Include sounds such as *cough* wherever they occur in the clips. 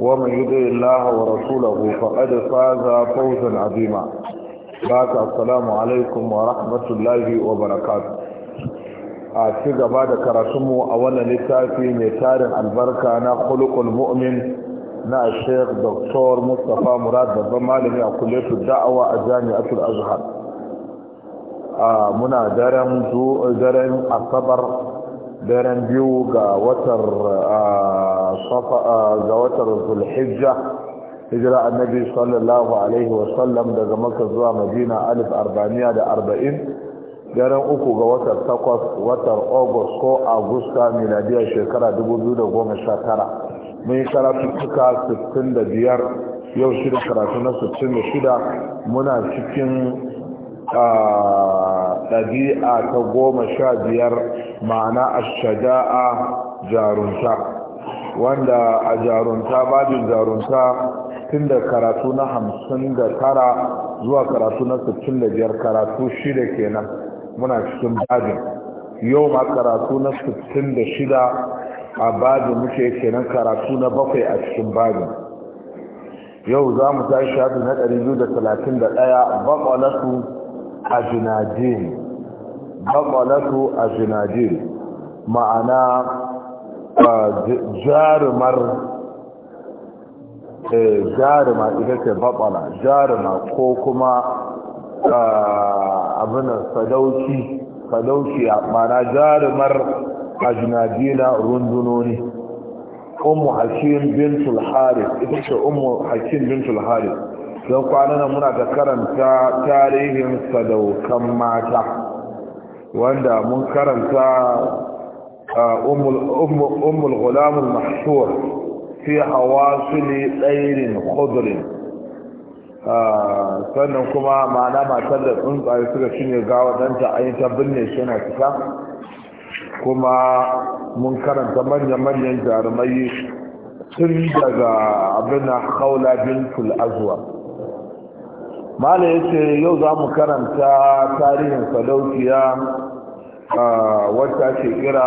ومن يطع الله ورسوله فقد فاز فوزا عظيما بعد السلام عليكم ورحمة الله وبركاته أشيغ بعد كرسمه أولا لتافي نتار البركة أنا خلق المؤمن نا الشيخ دكتور مصطفى مراد بضمالي من كلية الدعوة الجامعة الأزهر آه منا درم درم الصبر daren biyu ga watar ga watar zulhijja hijira annabi sallallahu alaihi wasallam daga maka zuwa madina alif arba'aniya da arba'in daren uku ga watar takwas watar august ko agusta miladiyar shekara 2019 mun yi karatu suka 65 yau shirin karatu na 66 muna cikin ɗabi'a ta goma sha biyar ma'ana shaja'a jarunta wanda a jarunta babin jarunta tun da karatu na hamsin da tara zuwa karatu na sittin da biyar karatu shida kenan muna cikin babin yau ma karatu na sittin da shida a babin muke kenan karatu na bakwai a cikin babin yau za mu tashi shafi na 231 bakwalatu ajinajin baƙwalatu ajinajin ma'ana jarumar jaruma ita ce baƙwala jaruma ko kuma abinan sadauki sadauki ma'ana jarumar ajinajina rundunoni ummu hakim bintul harith ita ce ummu hakim bintul harith don kwanan muna ta karanta tarihin sadaukan mata wanda mun karanta umul gulamun mahshur fi ne tsairin khudrin sannan kuma ma'ana matar da tsuntsaye suka shine gawa danta a yi ta binne shi na fita kuma mun karanta manya-manyan jarumai tun daga abin haula bin tul'azuwa. mala ya ce yau za mu karanta tarihin sadaukiya wata ce kira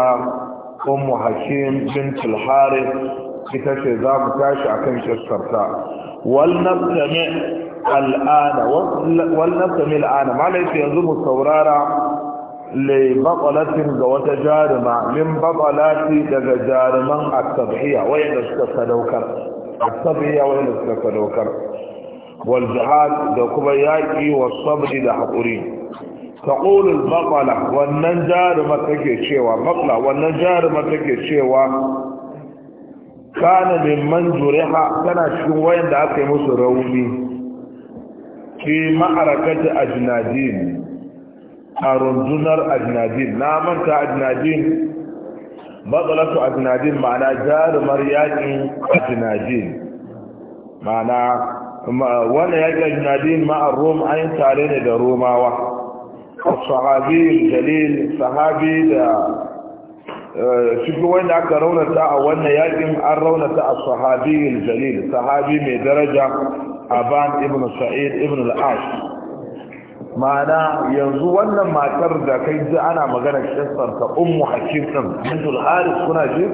ummu hakim bin tulhari ita ce za mu tashi a kan shaskarta walnastami al'ana walnastami ya ce yanzu mu saurara laibakalatin ga wata jarima min bakalati daga jariman a tabiya wayanda suka sadaukar a tabiya wayanda suka sadaukar wal da kuma yaƙi wa sabri da haƙuri تقول البطلة wannan jarumar take cewa batla wannan jarumar take cewa kana mimman juriha tana cikin wayan da aka yi musu rauni fi ma'arakati ajnadin a rundunar ajnadin na manta ajnadin batsalatu ajnadin ma'ana jarumar yakin ajnadin ma'ana wanda ya ga junadin ma'ar rom an tare ne da romawa sahabi dalil sahabi da cikin wanda aka raunata a wannan yakin an raunata a sahabi jalil sahabi mai daraja aban ibn sa'id ibn al-ash ma'ana yanzu wannan matar da kai ji ana magana kissar ta ummu hakim din bintul haris kuna ji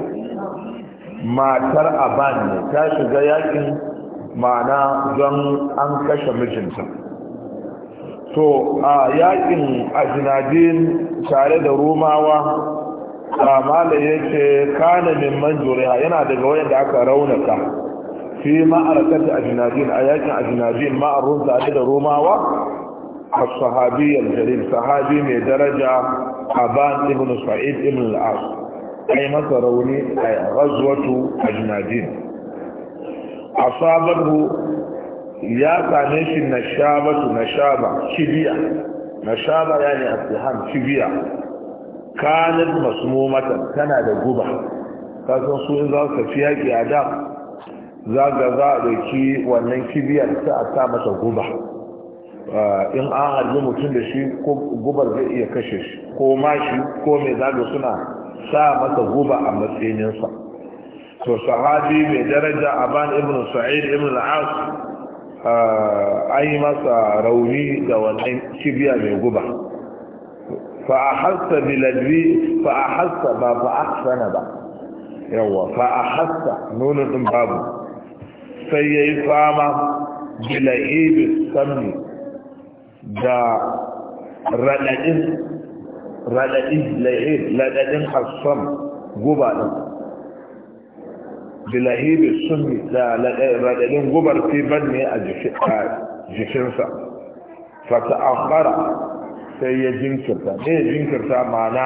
matar aban ne ta shiga yakin ma'ana don an kashe mijinta to a yakin ajinadin tare da romawa kamala ya ce kana min manjuriya yana daga da aka raunaka fi ma'arakar ajinadin a yakin ajinadin ma'arun tare da romawa a sahabiyar jarir sahabi mai daraja aban ibn sa'id ibn al'as ai masa rauni a gazuwatu ajinadin asabahu ya same shi na shaba na shaba kibiya nashaba yani asiham kibiya kanat masmumatan tana da guba kasan su in za su tafi yaƙi a da za ga za a ɗauki wannan kibiyar ta a sa masa guba in an harbi mutum da shi ko gubar zai iya kashe shi ko mashi ko mai zaga suna sa masa guba a matsayinsa to sahabi mai daraja aban ibn sa'id ibn al-as ai masa rauni da wannan kibiya mai guba fa ahassa biladwi fa ahassa ba fa ahsana ba yawa fa ahassa nunun din babu sai yayi fama bila'ibi sammi da radadin radadin la'ib ladadin hassam guba din bilahibi sunni da raɗaɗin gubar ban ne a jikinsa fata ambara sai ya jinkirta ne ya jinkirta mana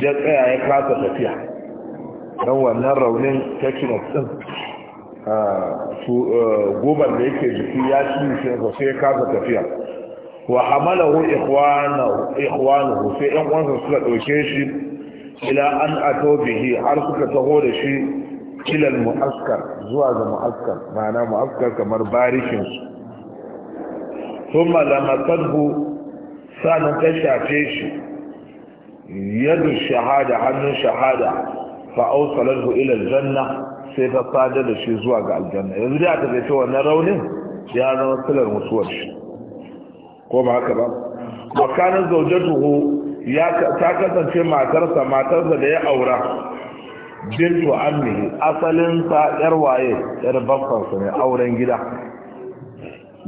ya tsaya ya kasa tafiya don wannan raunin tekinus ɗin gubar da yake jiki ya ci jikinsa sai ya kasa tafiya wa hamalahu hu sai yan uwansa suka ɗauke shi ila an ato bihi har suka taho da shi kilal mu'askar zuwa ga mu'askar ma'ana mu'askar kamar barishin su thumma lamasadhu sanan ta shafe shi yadu shahada hannun shahada fa awsalahu ila aljanna sai ta sada da shi zuwa ga aljanna yanzu da aka tafi wannan raunin ya zama silar mutuwar shi ko ba haka ba makanin zaujatuhu ya ta kasance matarsa matarsa da ya aura bintu ammihi asalin sa yar waye yar babban sa ne auren gida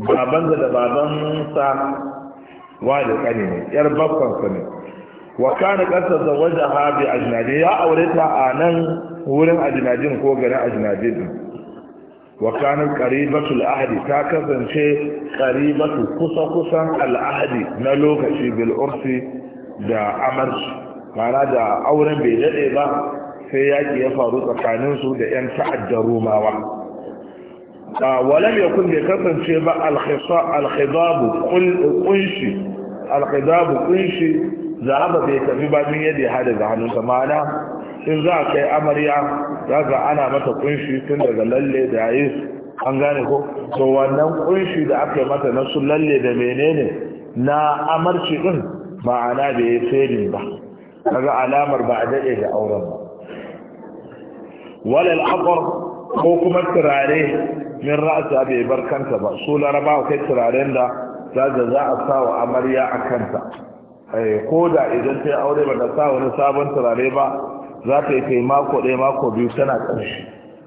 baban da baban sa waye kane ne yar babban sa ne wa kana qad zawajaha bi ajnabi ya aureta a nan wurin ajnabin ko garin ajnabin wa kana qaribatu al-ahdi ta kasance qaribatu kusa kusan al-ahdi na lokaci bil urfi da amarci mana da auren bai dade ba sai yaƙi ya faru tsakaninsu da 'yan ta'addar romawa wala ya kun da kasance ba alhidabu kunshi alhidabu kunshi zahaba bai tafi ba min yadda ya hada da hannunsa ma'ana in za a kai amarya za ga ana mata kunshi tun daga lalle da yayi an gane ko to wannan kunshi da aka mata na su lalle da menene na amarci din ma'ana bai yi fedin ba kaga alamar ba a daɗe da auren ba walal aqar ko kuma turare min ra'sa bai bar kanta ba su laraba kai turaren da zaga za a sa wa amarya a kanta eh, ko da idan ta aure ba ta sa wani sabon turare ba za ta yi kai mako ɗaya mako biyu tana ƙarshe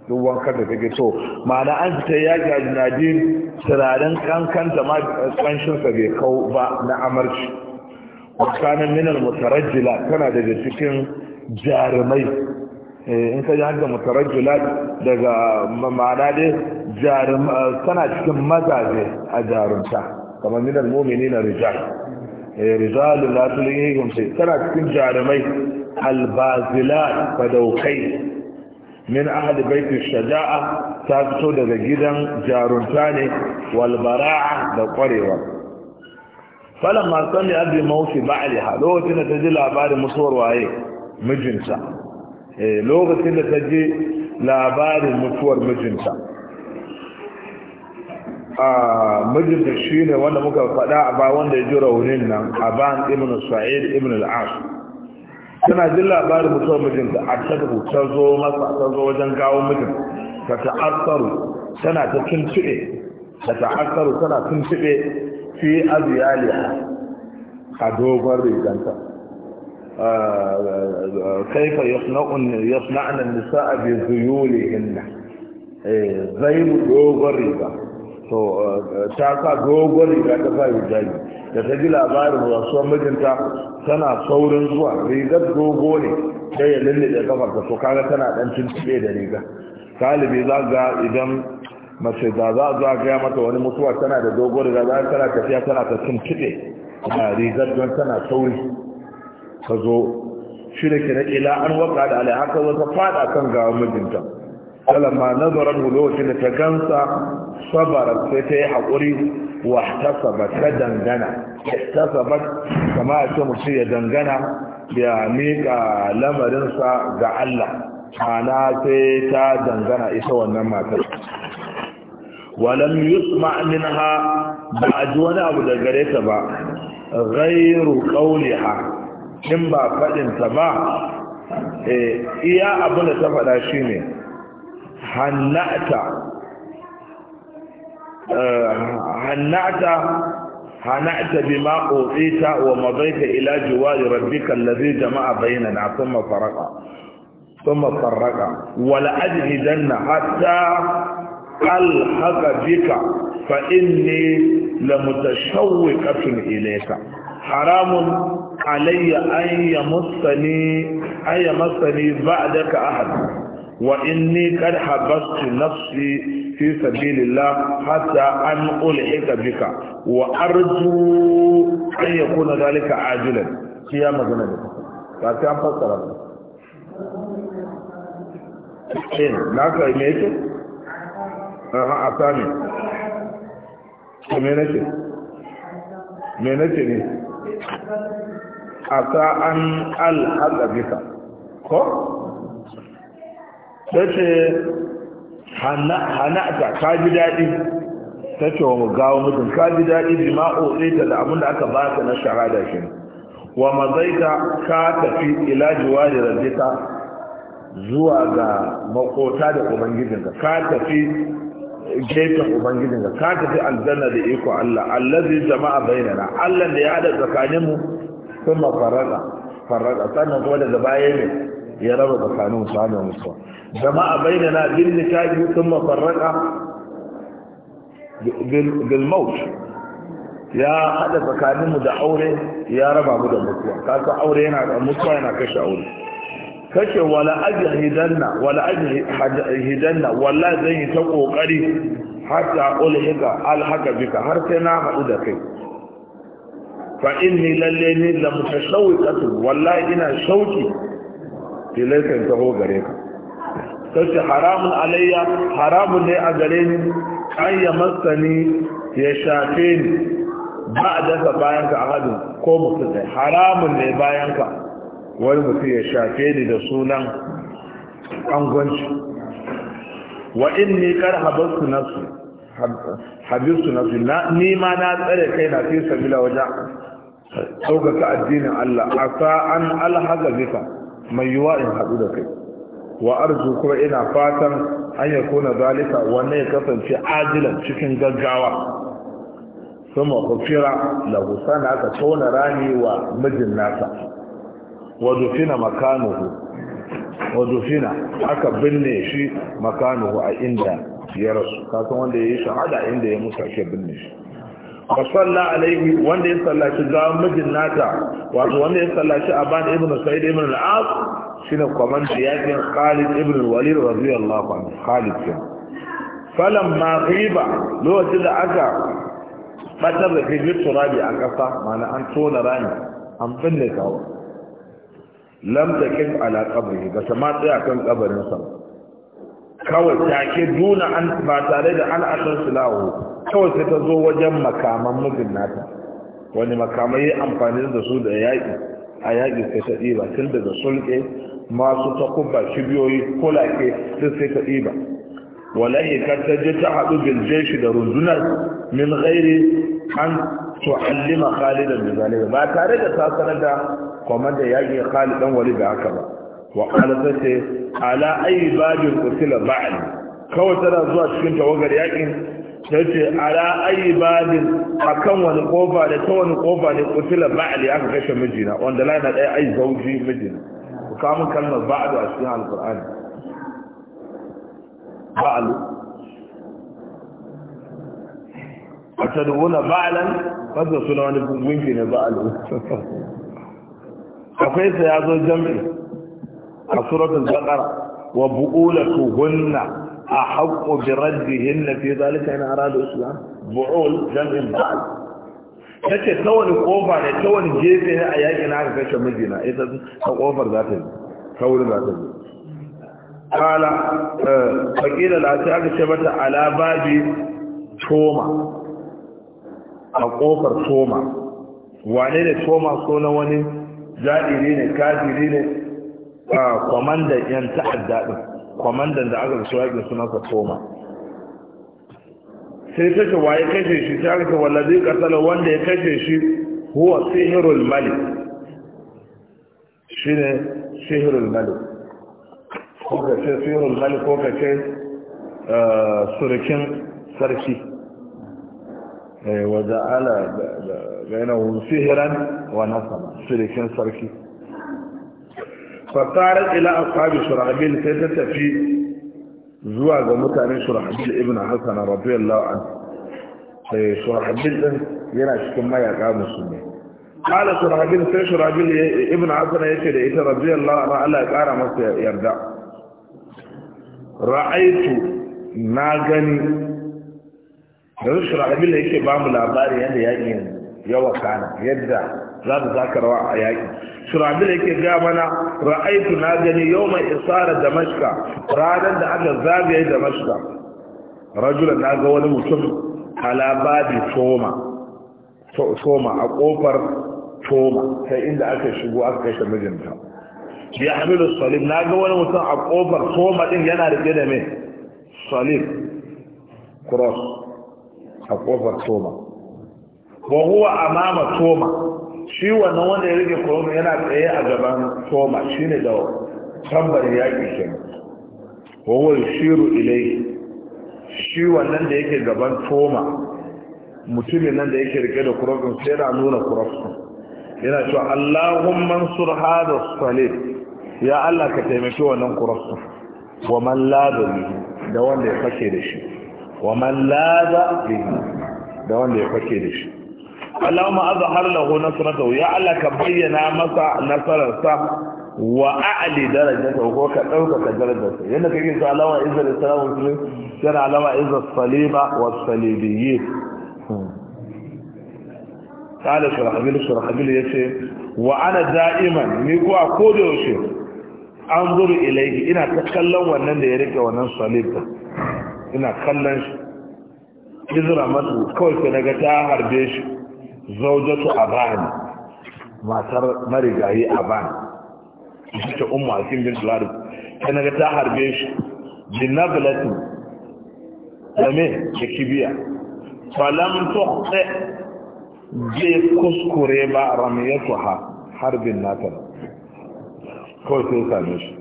duk wankan da kake so ma'ana an fita ya ga nadin turaren kankanta ma ƙanshinsa bai kau ba na amarci wakanin minal mutarajjila tana daga cikin jarumai Eh, in ka ji haka mutarajula daga ma'ana dai eh, tana cikin mazaje a jarumta kamar minar mumini na rijal eh, rijalun la tana cikin jarumai albazila fadaukai min ahli baiti shaja'a ta fito daga gidan jarumta ne walbara'a da kwarewa falan ma ne abin mawuce ba'aliha lokacin da ta ji labarin musuwar waye mijinta Eh, lokacin da ta je labarin mutuwar mijinta a mijinta shi ne wanda muka faɗa a ba wanda ya ji raunin nan a ban ibn sa'id ibn al'as tana jin labarin mutuwar mijinta a ta ta zo masa ta zo wajen gawo mijin ta ta'assaru tana ta tuntuɓe ta ta'assaru tana tuntuɓe fi aziyaliya a dogon riganta kaifa yasna'na nisa'a bi zuyulihinna zai dogon riga ta sa dogon riga ta sa hijabi da ta ji labarin rasuwar mijinta tana saurin zuwa rigar dogo ne sai ya da kafarta to kaga tana dan tuntube da riga galibi za ga idan mace da za a gaya mata wani mutuwa tana da dogon riga za tana tafiya tana ta tuntube a rigar don tana sauri ka zo shi da ila an waka da alai haka wata fada kan gawar mijinta kalama nazarar lokacin da ta gansa sabara sai ta yi haƙuri wa tasaba ta dangana tasaba kama a ce mutum ya dangana ya miƙa lamarinsa ga Allah ana sai ta dangana isa wannan matar walam ma'amin ha, ba a ji wani abu da gare ta ba ƙauli ha. in ba faɗinta ba iya abin da ta fada shi ne hannata hannata hannata bi ma ƙoƙita wa mabaita ila jiwari rabbika allazi jama'a bainana thumma faraka thumma faraka wal ajri janna hatta alhaqa bika fa inni lamutashawwiqatun ilayka haramun alayya an yamasani an a ba'daka ahad wa inni qad habastu nafsi fi sabilillah hatta an ulhika bika wa arju an yakuna dhalika ajilan kiya magana ta fassara ba eh, na ka me yake aha asami me nake me nake ne Aka an alhaza bika ko ta ce hana'ata ka ji daɗi ta ce wa gawo mutum ka ji daɗi jima'o ta da abinda aka ba ta na shahada. shi wa mazaika ka tafi ila jiwa da zuwa ga makota da ubangijinka ka tafi gefen ubangijinka ka tafi aljanna da iko Allah allazi jama'a na. Allah da ya hada tsakaninmu ثم فرغ فرغ كان هو زبائن يا رب دخانون سعاني ومسوى جماعة بيننا بالنكاج ثم فرق بالموت يا حدا فكان مدعوري يا رب عبد المسوى قالت عوري هنا المسوى هنا كش عوري كش ولا أجهدنا ولا أجهدنا ولا زي توقو قري حتى أقول هكا قال هكا بك هرسنا هؤدا كيف fa inni lalle ni la katu wallahi ina shauki laifin taho gare ka sai haramun alayya haramun ne a gare ni an ya masani ya shafe ni ba a dasa bayan ka ahadin ko mutum haramun ne bayan ka wani mutum ya shafe ni da sunan angwanci wa inni kar nafsi habisu na zina ni ma na tsare kai na fi sabila wajen ɗaukaka addinin Allah A an alhaza bika mai yiwa in haɗu da kai wa arzu kuma ina fatan an yi kuna zalika wannan ya kasance ajilan cikin gaggawa sama da Husa na aka tona rani wa mijin nasa wa dufina makanuhu wa dufina aka binne shi makanuhu a inda ya rasu kasan wanda ya yi shahada inda ya mutu ake binne shi wa salla alaihi wanda ya sallaci gawan mijin nata wato wanda ya a bani ibn sa'id ibn al-as shine komanda yakin khalid ibn walid radiyallahu anhu khalid kin falan ma ghiba lokacin da aka batar da kai turabi a kasa mana an tona rani an binne gawa lam takin ala qabri ba ta ma tsaya kan kabarin sa kawai take duna an ba tare da asar silahu kawai sai ta zo wajen makaman mijin nata wani makamai ya amfani da su da yaƙi a yaƙi sai ta ɗiba tun daga sulke masu takubba kibiyoyi kulake duk sai ta ɗiba walai ka ta je ta haɗu shi da rundunar min ghairi an tu'allima khalidan bi ba tare da ta sanar da komanda yaƙi khalidan wali da aka ba wa qala ce ala ayi babin kusila ba'al kawai tana zuwa cikin tawagar yakin ce ala ayi babin akan wani kofa da ta wani kofa ne qutila ba'al aka kashe mijina wanda la na dai ayi zauji mijina ku kamun kalmar ba'al a cikin alqur'ani ba'al ataduna ba'lan fadda suna wani gungun ne ba'al *laughs* akwai sa ya zo jam'i a suratul baqara wa a bu'ulatuhunna أحق بردهن في ذلك إن أراد الإسلام بعول جمع بعض take kawai ƙofa ne kawai gefe ne a yaƙi na aka kashe mijina ita ta kofar za ta yi wuri za ta yi kala eh, fakila da ta aka ce mata alababi toma a ƙofar toma wane ne toma so na wani jaɗiri ne kafiri ne kwamandan yan ta'adda din kwamandan da aka shi yakin suna ka toma sai wa waye kashe shi ta sai aka wallazi qatala wanda ya kashe shi huwa sihrul malik ne sihrul malik ko ka ce sihrul malik ko ka ce eh, surukin sarki eh, wa ja'ala bainahum sihiran wa nasaba surukin sarki fasarar ila ashabi shurahbil sai ta tafi zuwa ga mutanen shurahbil ibn hasan radiyallahu anhu sai shurahbil din yana cikin mayaka musulmi qala shurahbil sai shurahbil ibn hasan yace da ita radiyallahu anha Allah ya kara masa yarda ra'aitu na gani da shurahbil yake ba mu labari yadda yakin yawa kana yadda za su zaka rawa a yaƙi shurabil yake ga mana ra'aitu na gani yau mai isara damashka ranar da aka zagaye damashka rajula na ga wani mutum halabadi toma toma a kofar toma sai inda aka shigo aka kashe mijinta bi hamilu salim na ga wani mutum a kofar toma din yana rike da mai salim cross a kofar toma wa huwa amama toma shi wannan wanda ya rage korona yana tsaye a gaban toma shi ne da tambar yaƙi ke kowar shiru ilai shi wannan da yake gaban toma mutumin nan da yake rike da kurofin sai yana nuna kurofin yana cewa allahun mansur hada salif ya allah ka taimaki wannan kurofin wa man lada da wanda ya fake da shi wa man lada da wanda ya fake da shi Allahumma azhar lahu nasratahu ya Allah ka bayyana masa nasararsa wa a'li darajatahu ko ka dauka darajarsa yanda kake sa alama izza al-islam muslim yana alama izza saliba wa salibiyyi قال شرحبيل شرحبيل يتي وانا ko نيكو اكودو يشي انظر اليه ina ta kallon wannan da ya rike wannan salib ina kallon shi izra masu kawai sai naga ta harbe shi zaujatu aban matar marigayi aban ita umma kin bin larib kana naga ta harbe shi binablatu da me da kibiya falam tuhti je kuskure ba ha harbin nata kawai sai same shi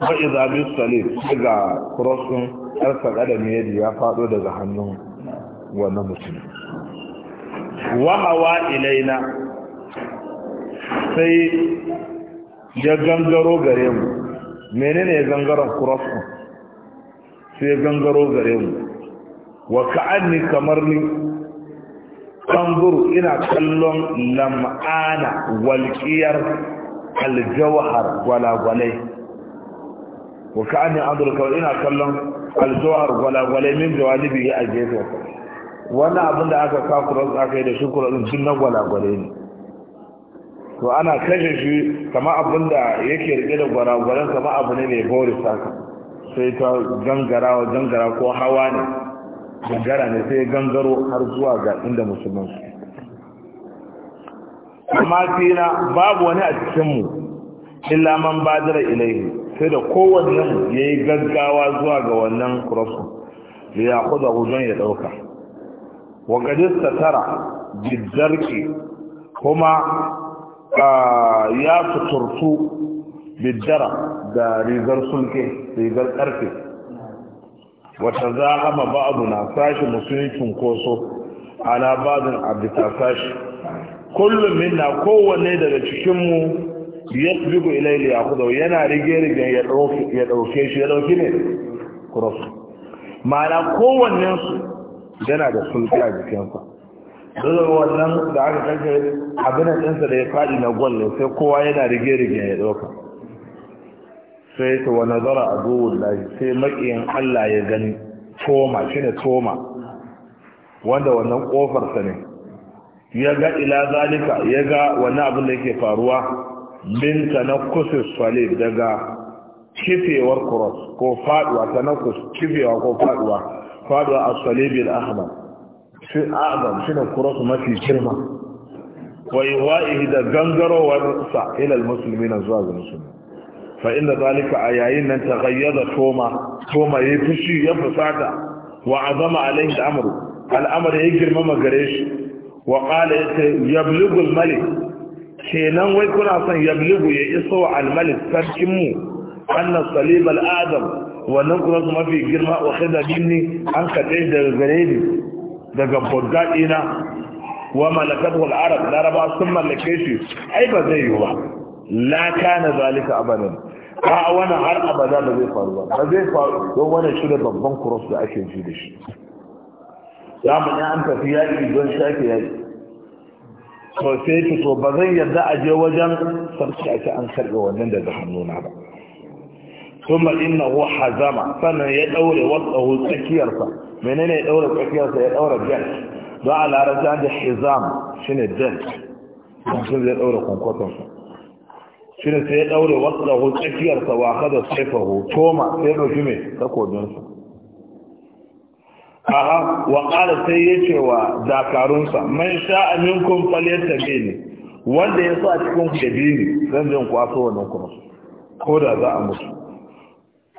wa iza bi salif daga crossin ya faɗo daga hannun wannan mutum وهوى إلينا سي جنجرو غريم منين يجنجر القرصة سي جنجرو غريم وكأني كمرني تنظر إلى كلهم لم أنا والكير الجوهر ولا ولي وكأني أنظر إلى كلهم الجوهر ولا ولي من جوانبه أجيزه wannan abin da aka kakurar aka yi da shi din sun na gwalagwale ne to ana kashe shi kama abin da yake rike da gwalagwalen kama abu ne mai bori saka, sai ta gangara gangara ko hawa ne gangara ne sai gangaro har zuwa ga inda musulman su amma fina babu wani a cikinmu illa man badara ilaihi sai da kowanne ya yi gaggawa zuwa ga wannan kurasu da ya kuda hujjan ya ɗauka wa gadista tara bidarki kuma ya fiturtu bidara da rigar sulke rigar karfe wata za a hama ba'adu na sashi musulmi koso ala ba'adun ta sashi kullum minna kowanne daga cikinmu ya tsibiku ilaili ya kudu yana rige-rigen ya ɗauke shi ya ɗauki ne kurosu ma'ana kowannensu yana da sulki a jikinsa dole wannan da aka kashe abinan ɗinsa da ya faɗi na gwal sai kowa yana rige-rige ya ɗauka sai ta wa nazara a duwun lahi sai maƙiyin allah ya gani toma shi ne toma wanda wannan ƙofarsa ne ya ga ila zalika ya ga wani abin da yake faruwa na tanakkusis salib daga kifewar cross ko faduwa tanakkus kifewa ko faduwa faduwa a salibin ahmad shi azam shi ne kurasu mafi girma wa iwa'ihi da gangarowarsa ilal musulmi na zuwa ga musulmi fa inda zalika a yayin nan ta gayyada toma toma ya fushi ya fusata wa azama alaihi da amru al'amari ya girmama gare shi wa qala yablugul malik kenan wai kuna son yabligu ya iso al malik sarkin mu annas salibal adam wannan kuma su mafi girma wa kada binni an kaɗe daga gare ni daga bodgaɗi na wa malakar arab laraba sun mallake shi ai ba zai yi ba la kana zalika abadan a wani har abada ba zai faru ba ba zai faru don wani shi da babban kuros da ake ji da shi ya mu an tafi yaƙi don shafe yaƙi to sai fito ba zan yarda a je wajen sarki ake an karɓe wannan daga hannuna ba kuma inna hu hazama sannan ya daure wasu tsakiyarsa menene ya daure tsakiyarsa ya daure bench don a larabta da hizam shine bench mutum ya daure kwankwatonsa shine sai ya daure wasu tsakiyarsa wa kada saifahu toma sai dauki mai takobinsa aha wa ƙara sai ya cewa wa dakarunsa man sha aminkun faliyar ne wanda ya sa cikin ku da biyu zan jin kwaso wannan kuma ko da za a mutu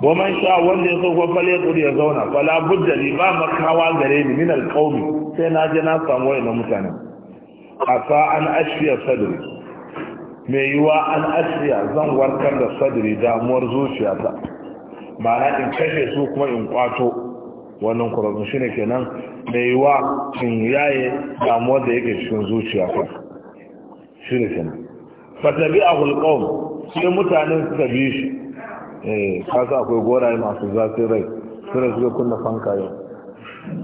ومن شاء sha wanda ya so ko fale kudi ya zauna fala budda li ba makawa gare ni min alqawmi sai na je na samu wayannan mutane asa an ashfiya sadri mai yiwa an ashfiya zan warkar da sadri damuwar zuciyata ma'ana in kashe su kuma in kwato wannan kurabun shine kenan mai yiwa in yaye damuwar da yake cikin zuciyata shine kenan fatabi'ahu alqawm sai mutanen bi shi Eh, kasa akwai goraye masu zafin rai suna suka kunna fanka yau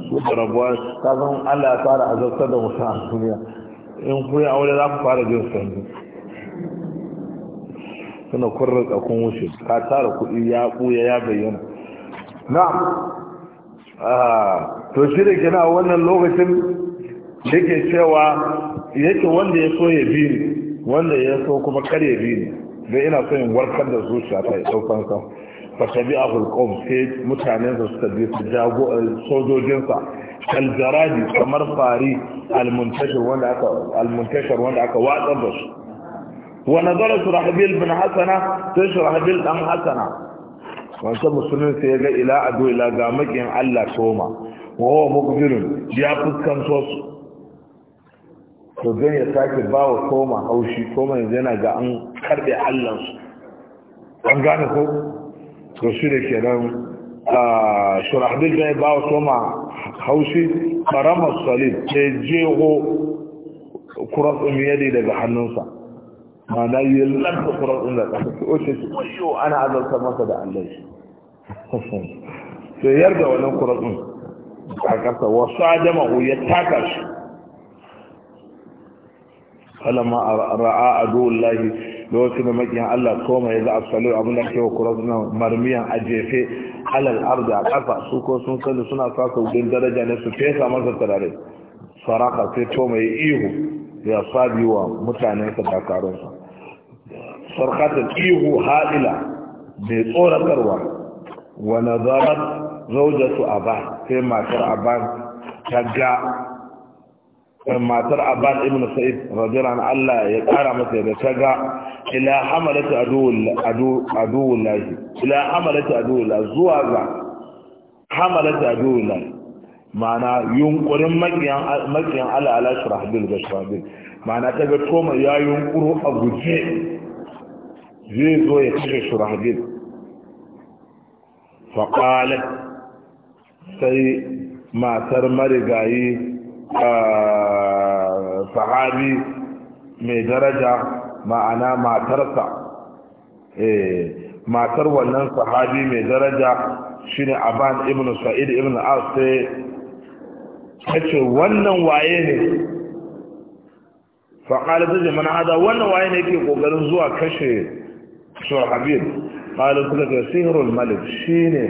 su da rabuwa ta san allah ya fara azabtar da mutum a duniya in kuyi aure za ku fara jin sanyi suna kurra tsakon wuce ka tara kuɗi ya ɓuya ya bayyana na ah, to shi da gina wannan lokacin yake cewa yake wanda ya so ya bi ni, wanda ya so kuma kar ya bi ni. don ina son in warkar da zuciya ta ɗaukan sa fasabi a hulkom sai mutanen su suka bi su jago eh, sojojinsa kaljaradi kamar fari almuntashar wanda aka wanda aka watsar da su wa nazara shurahbil bin hasana sai shurahbil dan hasana wancan musulun sai ya ga ila ado ila ga makin Allah toma wa wa mukbilun ya fuskanto su to zai ya sake ba wa koma haushi koma yanzu yana ga an karbe allansu an gane ko to shi da ke nan a don zai ba wa koma haushi karamar salib ta jego kuratsun yadda daga hannunsa na yi lanta kuratsun da ƙasa ta oce shi ƙwayo ana azarta masa da allai. *laughs* sai yarda wannan kuratsun a ƙasa wasu adama ya taka shi falama ra'a aduullahi lokacin da makiyan Allah koma ya za a salo abin da ke wakura suna marmiyan a jefe alal arzi a ƙasa su ko sun sani suna saka wujen daraja ne su fesa masa turare faraka sai to ya ihu ya sabi wa mutanen sa dakarunsa sarkatar ihu haɗila mai tsoratarwa wa nazarar zaujatu aban sai matar aban ta ga matar abbas ibn sa'id radiyallahu Allah ya kara masa da taga ila hamalatu aduwul aduwul lahi ila hamalatu aduwul zuwa ga hamalatu aduwul lahi ma'ana yunkurin makiyan makiyan Allah ala shrah bil mana ma'ana taga toma ya yunkuro a guje zai zo ya kashe shrah bil fa qalat sai matar marigayi sahabi mai daraja ma'ana matarsa matar wannan sahabi mai daraja shine aban ibn sa'id ibn as sai ce wannan waye ne ta zai mana hada wannan waye ne ke ƙoƙarin zuwa kashe shurhabir ƙalar suka ga sihirul malik shine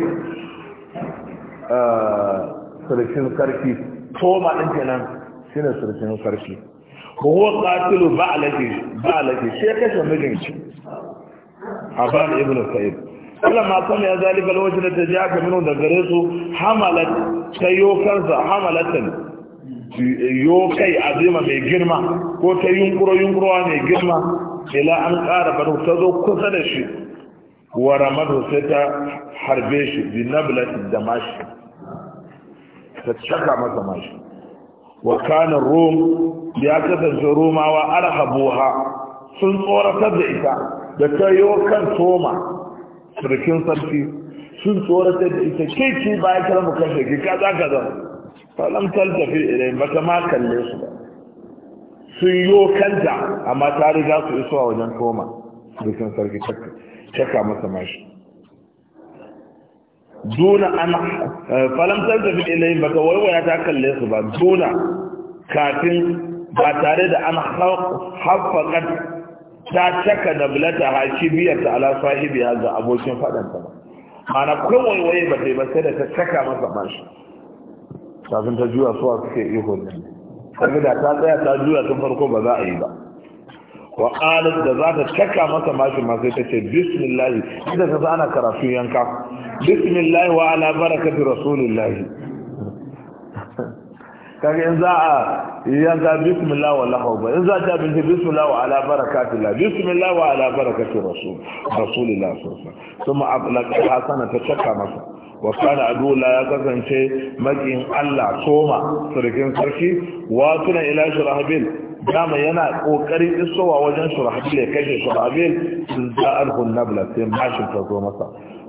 sarkin karfi toma ɗin kenan shine surkin sarki ko huwa ba ba'lati ba'lati shi kashe mijin shi aban ibnu sa'id lamma sami'a zalika lokacin da ta aka minu da gare su hamalat yi kansa hamalatan yo kai azima mai girma ko ta yunkuro yunkurowa mai girma ila an ƙara baro ta zo kusa da shi wa ramadu sai ta harbe shi bi da mashi ta caka masa mashi wa kanin rom ya kasance romawa arhabuha sun tsoratar da ita da ta yi kan toma sarkin sarki sun tsoratar da ita ke ba ya kira mu kashe ki kaza kaza falam taltafi ilai baka ma kalle su ba sun yo kanta amma ta riga su iso a wajen toma sarkin sarki shaka masa mashi duna an eh, falamtar da fiɗe na baka waiwaya ta kalle su ba duna kafin ba tare da an haffakar ta caka da bulata hashi biyar ta ala sahibi ya ga abokin ta ba mana kawai wai ba ta yi ba sai da ta caka masa shi kafin ta juya suwa suke ihu ne kaga da ta tsaya ta juya tun farko ba za a yi ba wa qalat da za ta caka masa mashi ma sai ta ce bismillah inda ka ana karatu yanka bismillah wa ala barakati rasulillah kaga in za a yanka bismillah wa lahu ba in za ta binci bismillah wa ala barakati la bismillah wa ala barakati rasul rasulillah sallallahu alaihi wasallam kuma ablaqa hasana ta caka masa wa kana adula ya kasance makin Allah soma surkin sarki wa tuna ila shirabil dama yana kokarin isowa wajen shurahbil ya kashe shurahbil in za'ar hunnabla sai mashin ta zo masa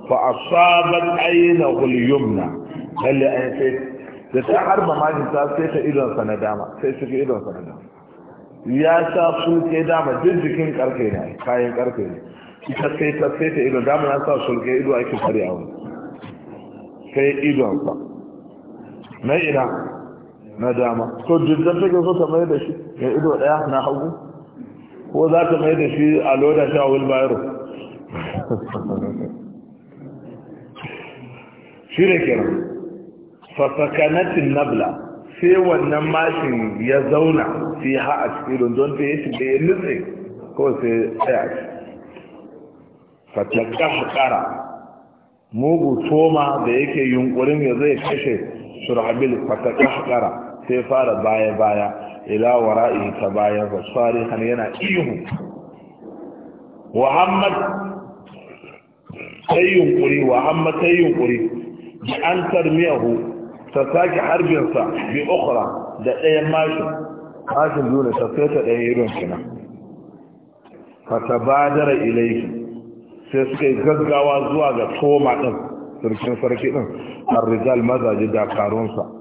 fa asabat aynahu al-yumna a yi sai da ta harba mashin ta sai ta idon na dama sai suke idon na dama ya sa sulke dama jirjikin karfe ne kayan karfe ne ita sai ta sai ta idon dama na sa sulke ido ake karyawa sai idon na ina na dama to jirgin take so ta mai da shi ya ido daya na hagu ko za ta mai da shi a loda shi a wilbairo *laughs* shi ne kiran fasakanatin nabla sai wannan mashin ya zauna fi ha a cikin rundun da ya shi da ya nutse ko sai tsaya shi fatakka kara mugu toma da yake yunkurin ya zai kashe shurhabil fatakka kara sai fara baya baya ila wara'i ta baya ba yana ihu muhammad sai yunkuri muhammad sai yunkuri bi an tarmiyahu ta sake harbinsa bi okra da ɗayan mashin mashin biyu ta sai ta ɗaya irin kina fatabadara ilaihi sai suka yi gaggawa zuwa ga toma ɗin sarkin sarki ɗin a rizal mazaji dakarunsa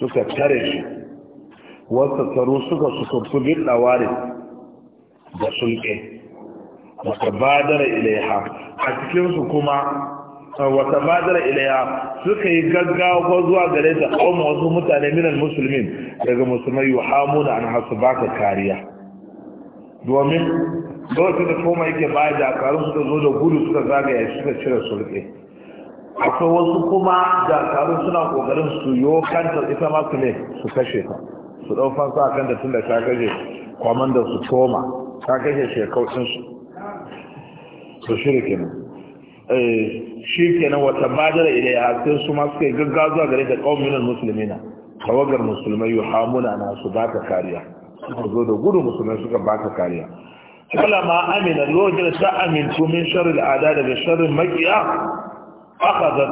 suka tare shi wasu tsaro suka sukurtu bin ɗawari da sulke wata badara ilaiha a cikinsu kuma wata badara ilaiha suka yi gaggawa zuwa gare ta ƙauma wasu mutane minan musulmin daga musulmai yi hamuna an hasu baka kariya domin lokacin da koma yake baya da karin suka zo da gudu suka zagaya suka cire sulke akwai wasu kuma karu suna kokarin su yo kanta ita ma su ne su kashe ta su dau fansa a kanta tun da ta kashe kwamanda su toma ta kashe shekau din su su shiri kenan eh, shi kenan wata badar ya sai su ma suke gaggawa gare da kaumin musulmina tawagar musulmai hamuna na su ba ta kariya suka zo da gudu musulmai suka ba ta kariya kala ma amina lokacin ta amintu min sharri al'ada daga sharrin makiya akazar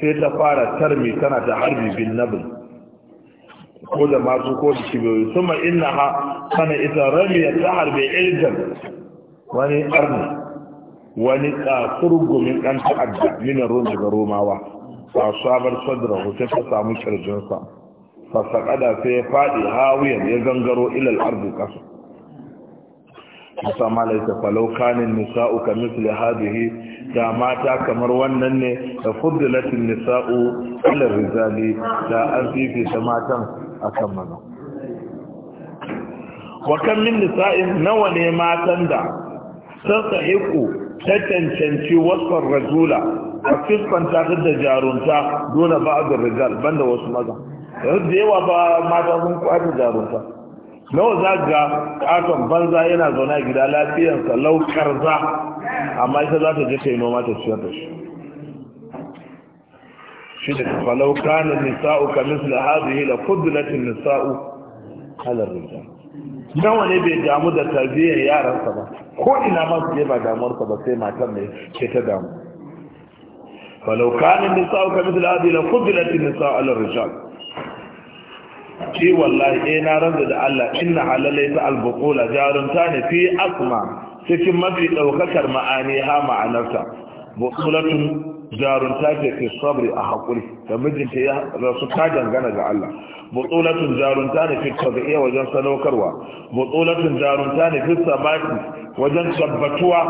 sai ta fara tarmi tana ta harbi bin nabin ko da masu ko da kibiyoyi suma inna ha sana ita rami ta harbe iljan wani arni wani kasurgumin ɗan ta'adda minan ruwan daga romawa sabar sadra hoto ta samu kirjinsa fasakada sai ya faɗi hawiyan ya gangaro ilal arzi ƙasa asama malaita falau kanin nisa'u ka misli hadihi da mata kamar wannan ne da fuddilatin nisa'u allar rizali da an fifita matan akan maza wakan min nisa'in nawa ne matan da sassahiku ta cancanci wasan rajula a fiskanta ta da jarunta dole ba a rijal banda wasu maza yau da yawa ba mata sun kwata jarunta nawa za ga katon banza yana zaune a gida lafiyarsa laukar za amma ita za ta je ta yi noma ta ciyar da shi shi da falau kanin nisa'u ka misla hazihi la kuddulatin nisa'u halar rijal nawa ne bai damu da tarbiyyar yaransa ba ko ina ma su je ba damuwarsa ba sai matar ne ke ta damu falau kanin nisa'u ka misla hazihi la kuddulatin nisa'u halar rijal shi wallahi eh na ranzu da Allah inna halalai ta albukula jarunta ne fi asma cikin mafi daukakar ma'ani ha ma'anarta bukulatun jarunta ce fi sabri a haƙuri. da mijinta ya rasu ta dangana ga Allah bukulatun jarunta ne fi tabi'iya wajen sadaukarwa bukulatun jarunta ne fi sabati wajen tabbatuwa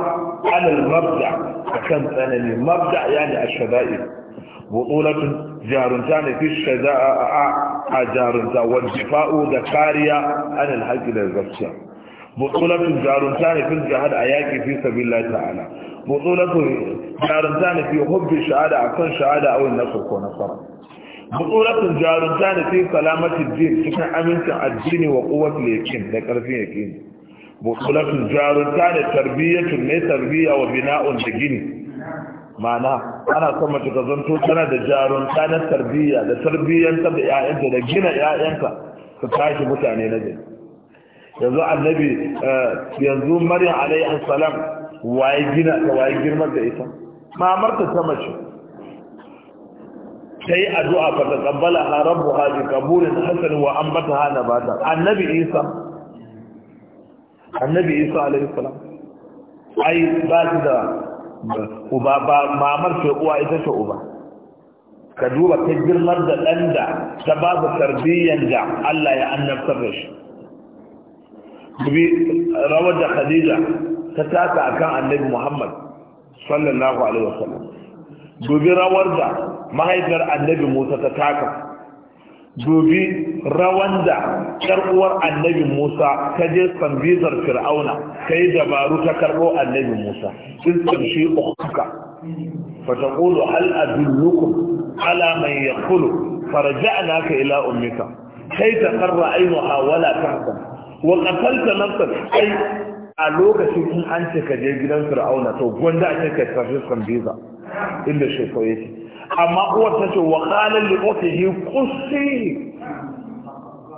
alal mabda akan tsanani mabda yani ashada'i butulatun jarunta ne fi shaja'a a jarunta jifa'u da kariya an alhaƙi da gaskiya butulatun jarunta ne fi jihar a yaƙi fi sabila ta'ala butulatun jarunta ne fi hubbi sha'ada a kan sha'ada a wani nasar ko nasara butulatun jarunta ne fi salamatin jin cikin amincin addini wa kowace yakin da ƙarfin yakin butulatun jarunta ne tarbiyyatun ne tarbiyya wa bina'un da gini mana ana son mace ka zanto tana da jarun tsanar tarbiyya da tarbiyyanta da 'ya'yanta da gina 'ya'yanta su tashi mutane na gari yanzu annabi eh, yanzu maryam alaihi salam waye gina ta waye girmar da ita mamar ta ta mace ta yi addu'a fa ta kabbala ha rabbu ha bi kabulin hasan wa ambata hana nabata annabi isa annabi isa alaihi salam ai ba da uba ba mamar ce uwa ita ce uba ka duba ta girmar da ɗan da ta ba su tarbiyyar da Allah ya annabtar da shi dubi rawar da Khadija ta taka akan annabi Muhammad sallallahu alaihi wasallam dubi rawar da mahaifiyar annabi Musa ta taka dubi rawan da uwar annabi musa ta je sambizar fir'auna ta yi dabaru ta karɓo annabi musa in ƙarshe ukuka fata ƙulu hal adullukum ala man ya kulu ila ummika kai ta karra ainuha wala tahzan wa qatalta nafsan ai a lokacin in an ce ka je gidan fir'auna to gwanda ake kai ka tafi sambiza inda shekau yake amma uwar ta ce wa qala li yi kusi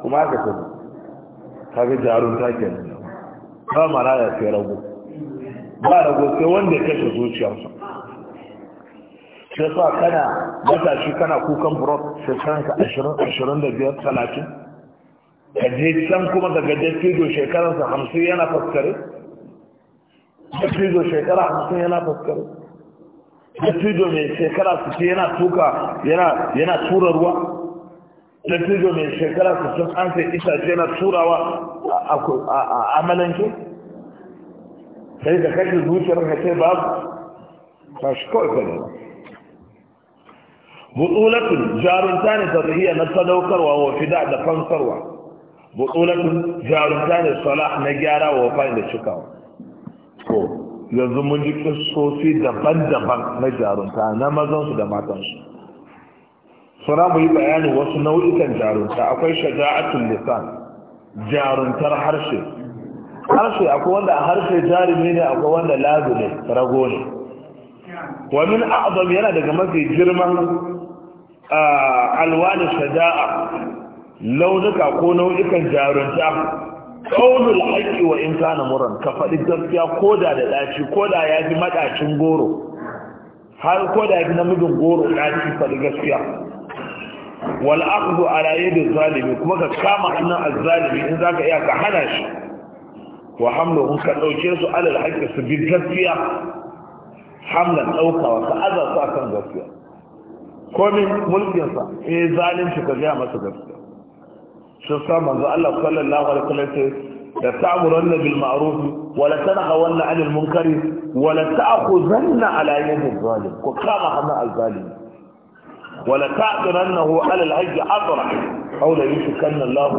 kuma ka ce ga jarun ta ke ba maraya sai rago ba rago sai wanda ya kashe zuciyarsa ce sa kana matashi kana kukan brot ashirin 20 25 30 ka je can kuma daga dattijo shekararsa 50 yana faskare dattijo shekara 50 yana faskare dattijo mai shekara su ce yana tuka yana tura ruwa dattijo mai shekara su sun an sai itace yana turawa a amalanke sai da kashe zuciyar ka ce ba ba shi kawai kwallo butsulatun jarunta ne ta zahiyar na sadaukarwa wa fida da fansarwa butsulatun jarunta ne sala na gyara wa fain da cikawa yanzu mun ji kisosi daban-daban na jarunta na mazansu da matansu Suna mu yi bayanin wasu nau'ikan jarunta akwai shaja'atun lisan jaruntar harshe harshe akwai wanda a harshe jarumi ne akwai wanda lazu ne rago ne wa min yana daga mafi girman ah, alwani shaja'a launuka ko nau'ikan jarunta kaunul haƙi wa in kana muran ka faɗi gaskiya ko da da ɗaci ko da ya fi maɗacin goro har ko da ya fi namijin goro ɗaci faɗi gaskiya wal aqdu ala yadi zalimi kuma ka kama hannun azzalimi in zaka iya ka hana shi wa hamluhum ka dauke su alal haqqi su bi gaskiya hamlan daukawa ka aza su akan gaskiya komin mulkin sa eh zalunci ka ga masa gaskiya Sun sa manzo Allah sallallahu alaihi wa Sallam da ta'muranna bil ma'ruf wa la tanhawanna 'anil munkari wa la ta'khudhanna 'ala yadi zalim ko kama hana al zalim wa la ta'dirannahu 'ala al hajj athra aw la yushkanna Allah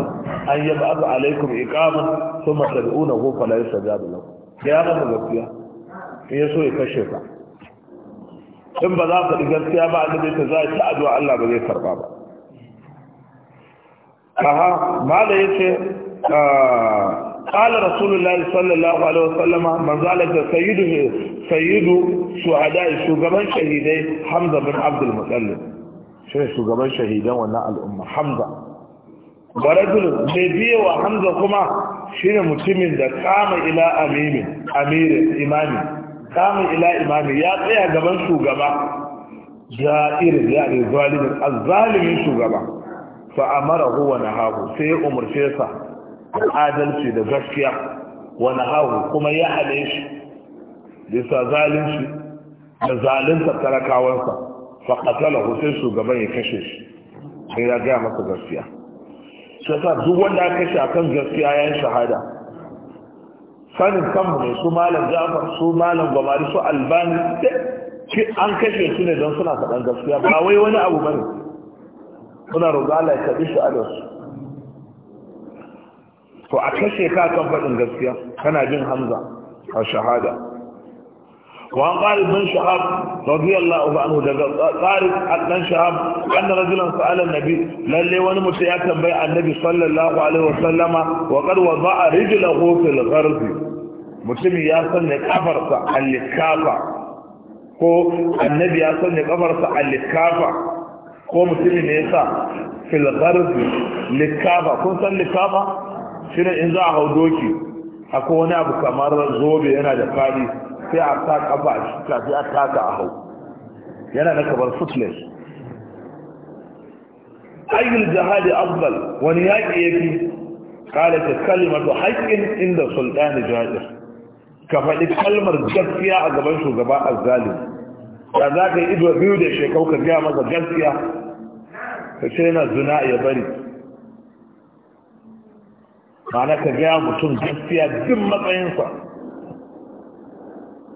an yab'ath 'alaykum iqaman thumma tad'unahu fala yustajabu lakum ya ga gaskiya ya so ya kashe ka in ba za ka ɗi gaskiya ba annabi ta za ta addu'a Allah ba zai karba ba Aha, Mala yace ce ah, ƙala rasulillah Sallallahu alaihi wa sallama ban za a layyace sayidu su a shugaban shahidai Hamza bin Abdul Masalli. Shin shugaban shahidan wani al'umma? Hamza. Bara jirin wa Hamza kuma shine mutumin da kama ila Aminu imami ya tsaya gaban shugaba. Za a iya ziyarar zuwa shugaba. fa amarahu wa nahahu sai umurce sa adalci da gaskiya wa nahahu kuma ya hale shi bisa zalunci da zalunta tarakawansa fa qatalahu sai shugaban ya kashe shi sai ya ga masa gaskiya shi duk wanda aka kashe akan gaskiya yayin shahada sanin kanmu ne su malam jafar su malam gwamari su albani an kashe su ne don suna faɗan gaskiya ba wai wani abu bane muna roƙo Allah ya karbi shi to a kashe ka kan faɗin gaskiya kana jin hamza a shahada وعن قارب بن شهاب رضي الله عنه قارب بن شهاب أن رجلا سأل النبي للي ونمسيات بيع النبي صلى wa عليه وسلم وقد وضع رجله في الغرب mutum ya sanya kafarsa a likafa ko annabi ya sanya kafarsa a likafa ko mutumin ne ya sa filgarzi likaba kun san likaba? shi ne in za a hau doki akwai wani abu kamar zobe yana da fadi sai a sa kafa a shi sai a taka a hau yana na kabar footless. ayyul jihadi afdal wani yaki yafi kala ta kalmatu haƙƙin inda sultani jahir ka faɗi kalmar gaskiya a gaban shugaba azzalim da za ka yi ido biyu da shekau ka gaya masa gaskiya ka ce yana zina ya bari ma'ana ka gaya mutum gaskiya jin matsayinsa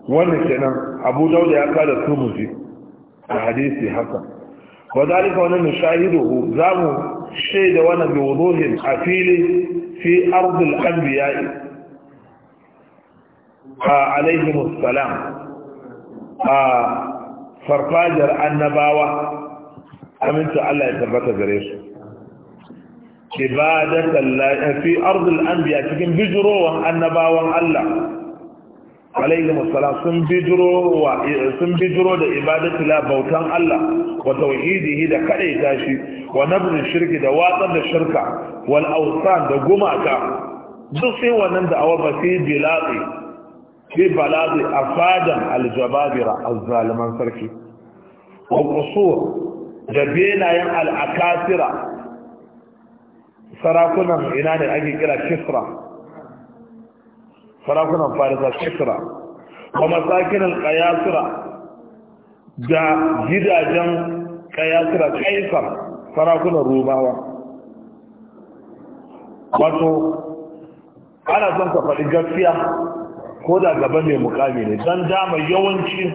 wannan kenan abu dauda ya kada su muji a hadisi haka wa zalika wannan mushahidu za mu shaida wani bi wuzuhin a fili fi ardul anbiya'i a alaihi assalam a Farfajar annabawa aminta Allah ya tabbata gare su ibadatan la fi ardil anbiya cikin bijirowan annabawan Allah alaihim assalam sun bijiro wa sun bijiro da ibadati la bautan Allah wa tauhidihi da kadaita shi wa nabrin shirki da watsar da shirka wal awsan da gumaka duk sai wannan da awabati bilaqi fi baladi afadan aljababira azzaliman sarki a kusur da benayen al'akasira sarakunan ina ne ake kira kisra sarakunan farisa kisra wa masakin Kayasira, da gidajen Kayasira kaisar sarakunan rumawa wato ana son ka faɗi gaskiya ko da gaba mai mukami ne don dama yawanci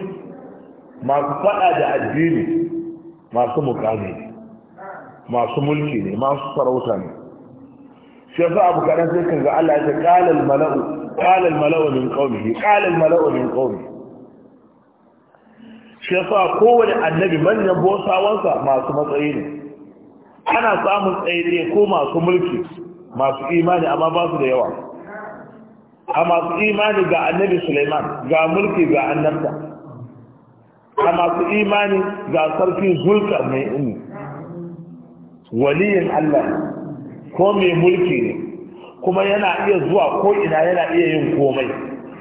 masu faɗa da addini masu mukami ne masu mulki ne masu sarauta ne shi yasa abu kaɗan sai kan ga Allah ya kalal mala'u kalal mala'u min qaumihi kalal mala'u min qaumi shi yasa kowane annabi manyan bosawansa masu matsayi ne ana samun tsaye ko masu mulki masu imani amma ba su da yawa a masu imani ga annabi Suleiman ga mulki ga annabta a masu imani ga sarki Zulka mai ini waliyin Allah ko mai mulki ne kuma yana iya zuwa ko ina yana iya yin komai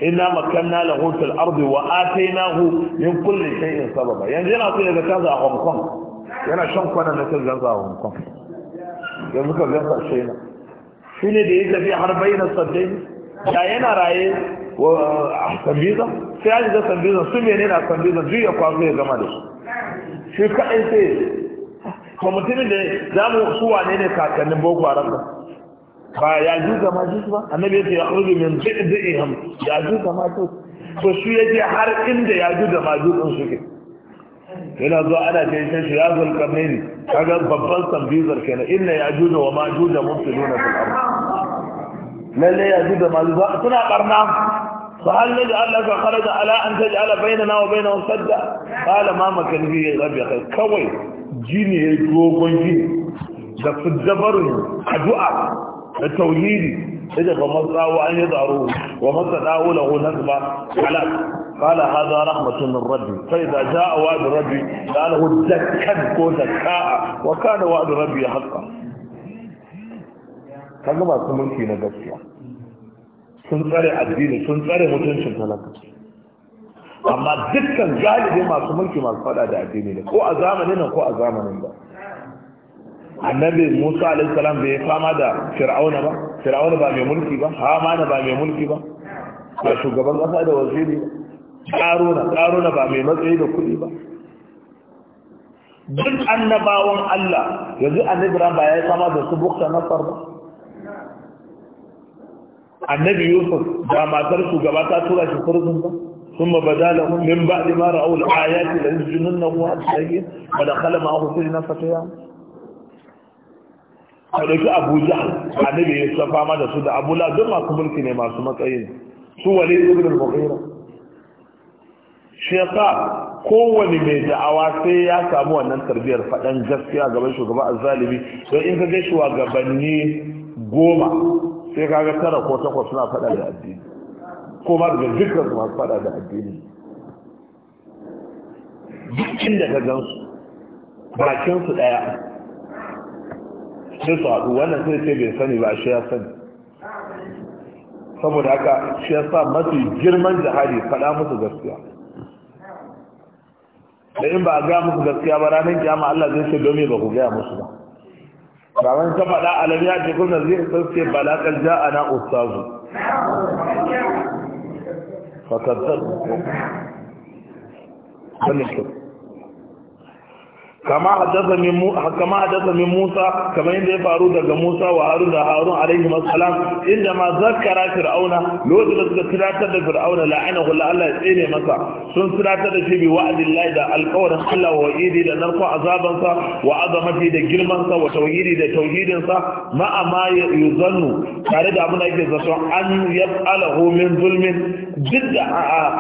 inna makanna lahu fil ardi wa atainahu min kulli shay'in sababa yanzu yana so daga kaza a Hong Kong yana shan kwana na kan gansa a Hong Kong yanzu ka gansa shi ne shi ne da ya tafi har bayyana sabbin da yana raye wa Sambiza? sai ya shiga Sambiza? su mene na sambizan juya kwazo ya gama da shi shi kaɗai sai ko mutumin da za mu suwa ne ne kakannin boko a ranka ba ya ji zama ji ba annabi ya ce ya ɗauki min ham ya ji zama ji to shi ya je har inda ya ji zama ji ɗin suke yana zuwa ana ce shi ya zulƙar ne kaga babban sambizar kenan inna ya juda wa ma juda nuna fil amma لله يجب ما لزقتنا قرنا فهل نجعل لك خرج على أن تجعل بيننا وبينه سدا قال ما مكن فيه رب يا خير كوي جيني يتوقون جيني دفت الزبرني حدعا التوهيدي إذا فمصر وان أن يضعروه ومصر أهو له نزبة قال هذا رحمة من ربي فإذا جاء وعد ربي قاله زكاك وزكاء وكان وعد ربي حقا كما سمنكي نجسيا sun tsare addini sun tsare mutuncin talaka amma dukkan galibi masu mulki masu fada da addini ne ko a zamanin nan ko a zamanin ba annabi musa alaihi salam bai fama da fir'auna ba fir'auna ba mai mulki ba hamana ba mai mulki ba ba shugaban kasa da waziri ba karuna karuna ba mai matsayi da kuɗi ba duk annabawan Allah yanzu annabi ba ya fama da su bukta nasar ba annabi yusuf da matar shugaba ta tura shi kurkun ba da ثم ayati da jinnun بعد ما رأوا الآيات ليسجننه على السجن ودخل معه na fatiya a ɗauki abuja annabi ya ta fama da su da abula don masu mulki ne masu matsayin su wale ibn al-mughira shi yasa kowane mai da'awa sai ya samu wannan tarbiyyar faɗan gaskiya gaban shugaba azzalimi don in ka wa gabanni goma sai kaga tara ko takwas suna faɗa da addini ko ba da zikar su masu faɗa da addini duk inda ka gan su bakin su ɗaya sai su haɗu wannan sai sai bai sani ba shi ya sani saboda haka shi ya sa mafi girman jihadi faɗa musu gaskiya da in ba a gaya musu gaskiya ba ranar kiyama Allah zai ce domin ba ku gaya musu ba ba wani ta faɗa alam ya ce kuma zai sauke balakar ja'ana ustazu fakatar wani kyau kama haddasa min min Musa kamar yadda ya faru daga Musa wa Harun da Harun alaihi assalam inda ma zakkara fir'auna lokacin da suka tunatar da fir'auna la'anahu la Allah ya tsine masa sun tunatar da shi bi wa'dillahi da alqawrin Allah wa wa'idi da narko azaban sa wa azamati da girman sa wa tauhidi da tauhidin sa ma amma yuzannu tare da abin yake zato an yaf'alahu min zulmin duk da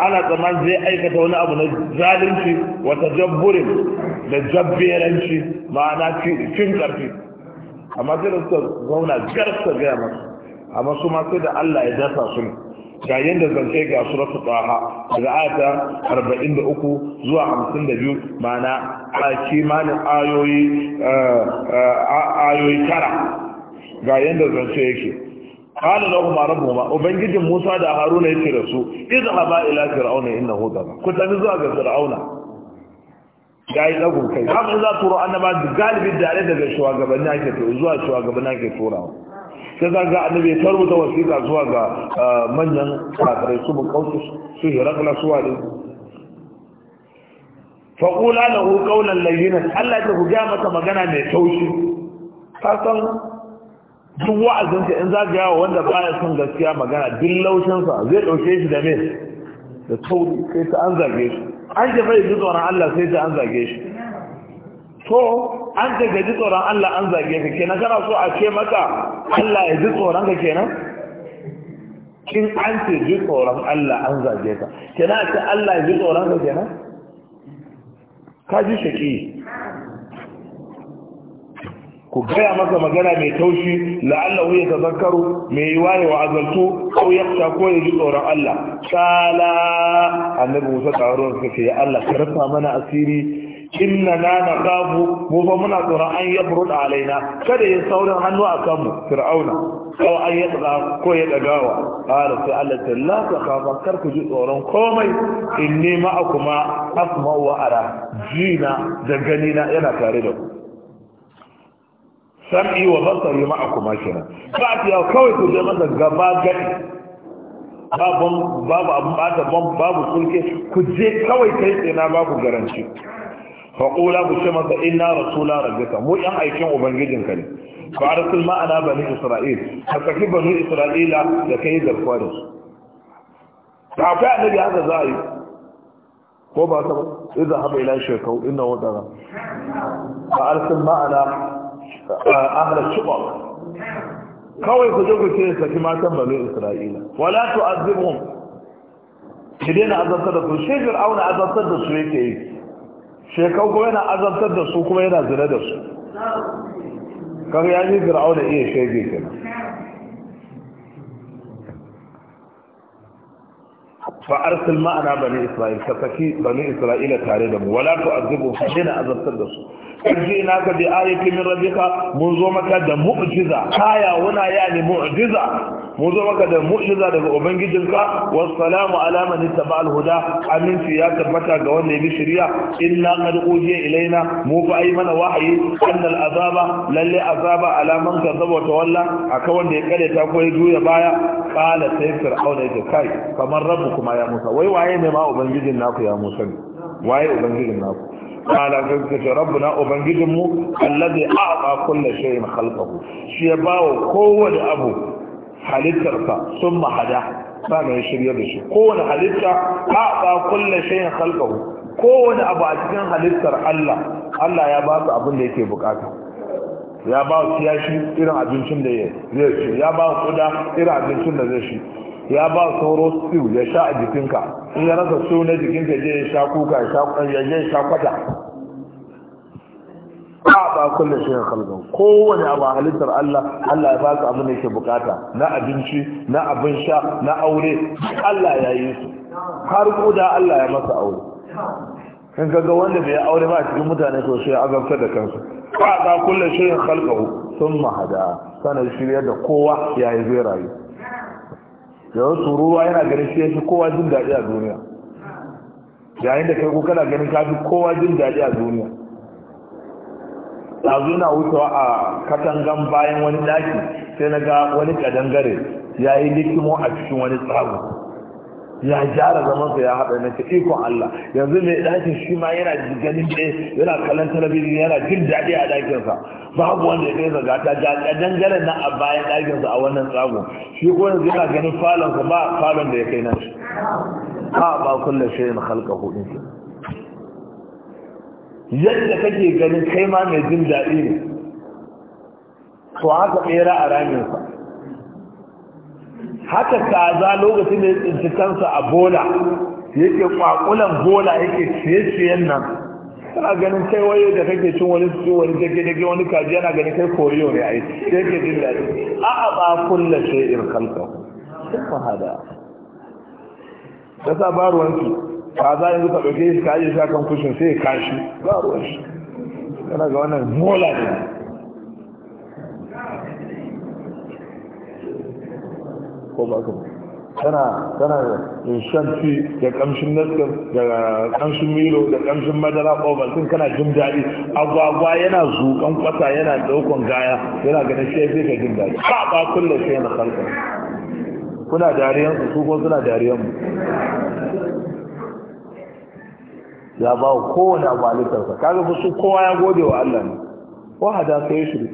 ana zaman zai aikata wani abu na zalunci wa tajabburin da jabberanci na cin ƙarfi amma sai da suka zauna garsa gaya masu amma su ma sai da Allah ya dasa su ne ga yadda zance ga su rasu taha daga ayata 43 zuwa 52 ma na a kimanin ayoyi eh, eh, ayoyi tara ga yadda zance yake قال لهما ربهما وبنجد موسى ده هارون يتي رسو اذهبا الى فرعون انه ظلم كنت ابي فرعون ya yi kai kai ku za turo annaba galibin da daga shugabanni ake turo zuwa shugabanni ake turawa sai za ga annabi ta wasiƙa zuwa ga ah, manyan kafirai su bukautu su hirakla su wani faƙula na hukaunan layinan allah ta hujja mata magana mai taushi ka san duk wa'azinta in za ga yawa wanda ba ya son gaskiya magana duk laushinsa zai ɗauke shi da me da tauri sai ta an zage shi an ce bai ji tsoron Allah sai ta an zage shi to an ce ka ji tsoron Allah an zage ka kenan kana so a ce maka Allah ya ji tsoron ka kenan in an ce ji tsoron Allah an zage ka kenan a ce Allah ya ji tsoron ka kenan ka ji shaƙi ku gaya masa magana mai taushi la'allahu ya tazakkaru mai yiwa ya wa'azantu ko ya ta ko ya ji tsoron Allah kala annabi Musa da Haruna ce ya Allah ka rufa mana asiri inna na naqabu mu fa muna tsoron an yabrud alaina kada ya saurin hannu a kanmu fir'auna ko an ya tsada ko ya dagawa qala sai Allah ta la ta khafa kar ku ji tsoron komai inni ma'akuma asma'u wa ara jina da ganina yana tare da ku sam'i wa basari ma kuma kenan ba ta kawai ku je masa gaba gadi babu babu abun bata babu sulke ku je kawai kai tsina babu garanci fa ku ce masa inna rasula rabbika mu yan aikin Ubangijinka ne fa arsil ma ana bani isra'il ka saki bani isra'ila da kai garkuwa da su Da akwai annabi haka za a yi ko ba ta ba idan haɓa ila shekau inna wadara fa arsil ma ma'ana. ahla shubab kawai ku je ku ce saki matan bani isra'ila wala tu'azzibhum ki daina azabtar da su shi fir'auna azabtar da su yake yi shekau kuma yana azabtar da su kuma yana zina da su kaga ya yi fir'auna iya shege kenan فارسل معنا Isra'ila. Ka saki بني Isra'ila tare da mu wala Ki daina azabtar da su ƙarfi na ka bi ayati min rabbika mun zo maka da mu'jiza kaya wana yani mu'jiza mun zo maka da mu'jiza daga ubangijinka wassalamu ala man ittaba al-huda aminci ya tabbata ga wanda ya bi shari'a inna qad ujiya ilaina mu fa ai mana wahayi annal azaba lalle azaba ala man kazzaba wa tawalla aka wanda ya kare ta ko ya juya baya qala sai fir'auna ya kai kamar rabbukuma ya musa wai waye ne ma ubangijin naku ya musa waye ubangijin naku qala sai suka ce rabbuna ubangijinmu allazi a'ta kulli shay'in khalqahu shi ya bawo kowane abu halittarsa sun mahada sana ya shirya da shi kowane halitta a'ta kulli shay'in khalqahu kowane abu a cikin halittar Allah Allah ya ba su abin da yake bukata ya ba su yashi irin abincin da zai ci ya ba su kuda irin abincin da zai shi. ya ba sauro stew ya sha a jikinka in ya rasa su na jikinka je ya sha kuka ya je sha kwata ba ba kulle shi ya kalgan kowane abu a halittar Allah Allah ya baka abin da yake bukata na abinci na abin sha na aure Allah ya yi su har koda Allah ya masa aure in ga wanda bai aure ba cikin mutane to sai azabta da kansu ba ba kulle shi ya kalgan sun mahada sanar shiryar da kowa yayi zai rayu yau ruwa yana ganin shi yafi kowa jin daɗi a duniya yayin da kai ko kana ganin fi kowa jin daɗi a duniya ɗazu yana wucewa a katangan bayan wani ɗaki sai na ga wani ƙadangare ya yi likimo a cikin wani tsago ya gyara zamansa ya haɗa na ikon Allah yanzu mai ɗakin shi ma yana ganin ɗaya yana kallon talabijin yana jin daɗi a ɗakinsa babu wanda ya ɗaya zaga ta dangane na a bayan ɗakinsa a wannan tsago shi ko yanzu yana ganin falonsa ba falon da ya kai nashi ha ba kulle shayin halka hudun shi yadda kake ganin kai ma mai jin daɗi ne to haka ɓera a raminsa haka kaza lokacin da ya tsinci kansa a bola yake kwakulan bola yake ciye-ciyen nan kana ganin kai waye da kake cin wani su wani dage dage wani kaji yana ganin kai koriyo ne ai sai ke jin daɗi a a ba kullu shay'in khalqa sun hada da sa ba ruwan ki kaza yanzu ka dauke shi kaji aje shi kan kushin sai ya kashi ba ruwan shi kana ga wannan bola ne ko ba tana tana shanti da kamshin naskar da kamshin milo da kamshin madara ko sun kana jin daɗi agwagwa yana zuƙan kwata yana ɗaukan gaya yana ganin shi zai ka jin daɗi ba ba kulle shi na kalka kuna dariyan su su ko suna dariyan mu ya ba kowane abu sa kaga su kowa ya gode wa Allah ne ko Hada sai shi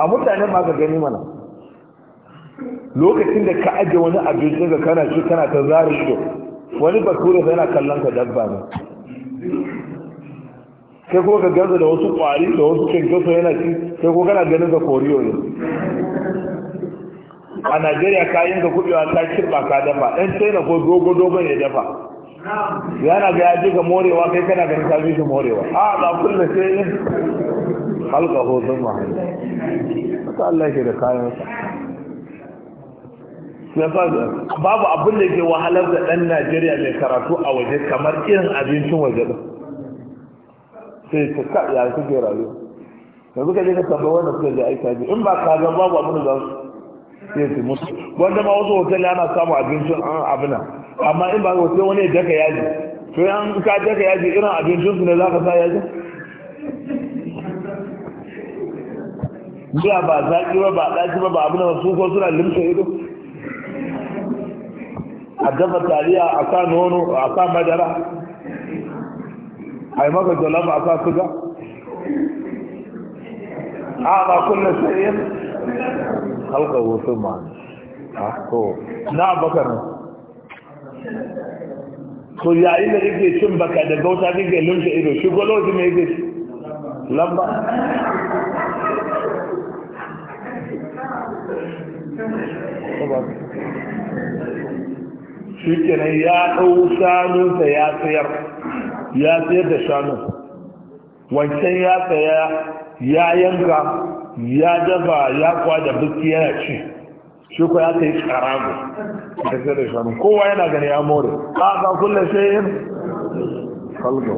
a mutane ma ka gani mana lokacin da ka ajiye wani abinci ga kana shi kana ta zari ido wani bature sai yana kallon ka dabba ne sai kuma ka ganza da wasu kwari da wasu kyankyaso yana ci sai kuma kana ganin ga koriyo ne a najeriya kayan ga kuɗewa ta kirɓa ka dafa ɗan china ko dogo dogon ya dafa yana ga yaji ga morewa kai kana ganin ka shi morewa a ba kulle sai halka hoton mahalli Allah ke da kayansa babu abin da ke wahalar da ɗan najeriya mai karatu a waje kamar irin abincin waje ɗin sai ta ka ya suke rayu yanzu ka je ka tambayi wanda suka je aika ji in ba ka ga babu abin da za su yi su mutu wanda ma wasu hotel ana samu abincin an ah, abina amma in ba hotel wani ya daka yaji to yan ka daka yaji irin abincin su ne za ka sa yaji biya ba zaƙi ba ba ɗaci ba ba abin da su ko suna limsa ido a dafa taliya a sa nono a sa madara a yi maka jolaba a sa suga a ba kullum sayin halka wasu ma a to na bakar to yayin da yake cin baka da gauta kake lunta ido shi gwaloji mai yake shi lamba Thank you. shi kenan ya ɗau shanunsa ya sayar ya sayar da shanu, wancan ya saya ya yanka ya dafa ya da biski yana ci shi ko ya kai karago da sayar da shanun kowa yana gani ya more ka ka kulle shayin falgo.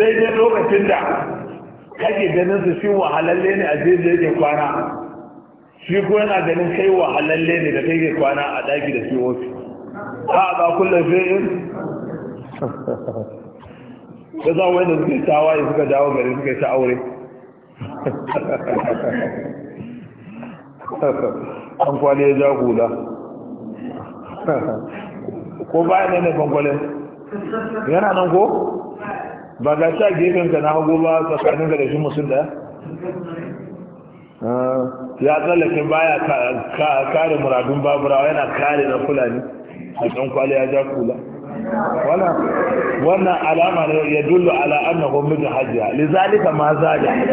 zai je lokacin da kake ganin su shi wahalalle ne a jeje yake kwana shi ko yana ganin kai halalle ne da kai ke kwana a daki da siyofi ha ba kullum fi'in da za wanda da yi tawaye suka dawo gari suka ta aure an kwale ya ja hula ko ba ne ne bankwale yana nan ko ba ga sha ka na hagu ba tsakanin da shi musul daya Ah, ya tsallafin baya kare muradun baburawa yana kare na fulani a ɗan kwali ya ja kula wannan alama ne ya dullu ala anna gwamnati Hajiya, lizalika ma zaga kan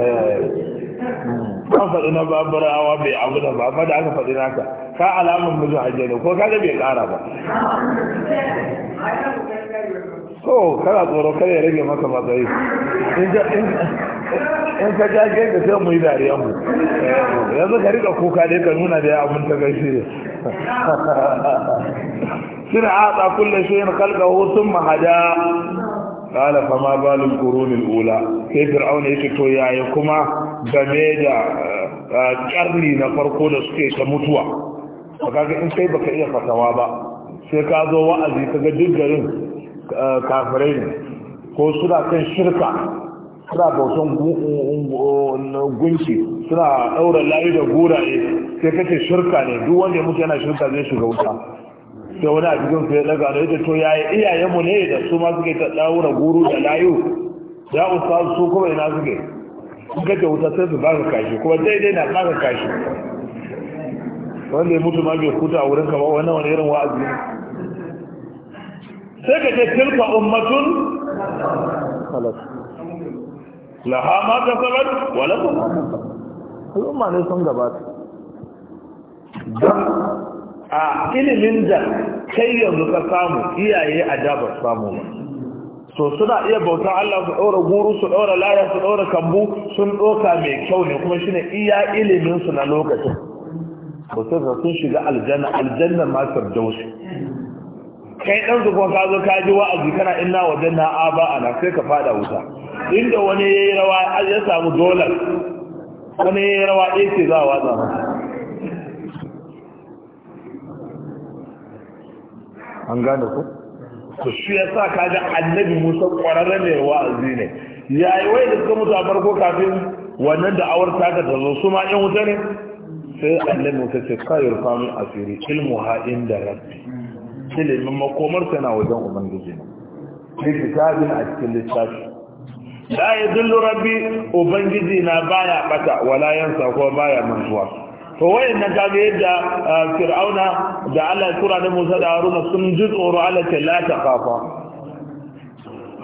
eh, hmm. faɗi na baburawa bai abu da ba da aka faɗi naka ka alamun mijin Hajiya ne ko kada bai ƙara ba so kana tsoro kada ya rage maka matsayi in ka ja gefe sai mu yi dariya mu yanzu ka rika kuka dai ka nuna da ya abun ta gaishe suna atsa kullum shi yin kalka hutun mahada kala fama balin kurunin ula sai fir'aun ya ce to yaya kuma game da karni na farko da suke ta mutuwa ba kaga in kai baka iya fatawa ba sai ka zo wa'azi kaga duk garin kafirai ne ko suna kan shirka suna bautan gunki suna ɗaura layu da guraye sai kace shirka ne duk wanda ya mutu yana shirka zai shiga wuta sai wani a cikin sai daga da ita to yayi iyayenmu ne da su ma suke ta ɗaura guru da layu ya usta su kuma ina suke in kace wuta sai su baka kashi kuma daidai na baka kashi wanda ya mutu ma bai kuta a wurin ka ba wannan wani irin wa'azi ne sai ka ce tilka ummatun khalas ha ma kasabat wa lakum al'umma ne sun gabata don a ilimin da kai yanzu ka samu iyaye a da ba samu ba so suna iya bauta Allah su ɗaura guru su ɗaura laya su ɗaura kambu sun ɗoka mai kyau ne kuma shine iya iliminsu na lokacin ba sai sun shiga aljanna aljanna ma firdausi kai dan ko ka zo ka ji wa'azi kana inna wajen na aba ana sai ka fada wuta inda wani ya yi rawa ya samu dolar wani ya yi rawa ɗaya ce za a watsa an gane ku to shi ya sa ka ga annabi musa kwararre ne wa'azi ne yayi wai da suka mutu a farko kafin wannan da awar ta ta zo su ma yan wuta ne sai annabi musa ce kayar famin asiri ilmu ha inda rabbi ilimin makomarsa na wajen ubangiji ne fi a cikin littafi ya yadullu rabbi ubangiji na baya bata wala yansa ko baya mantuwa to wayannan ga yadda uh, fir'auna da Allah ya tura da Musa da Haruna sun ji tsoro Allah ta kafa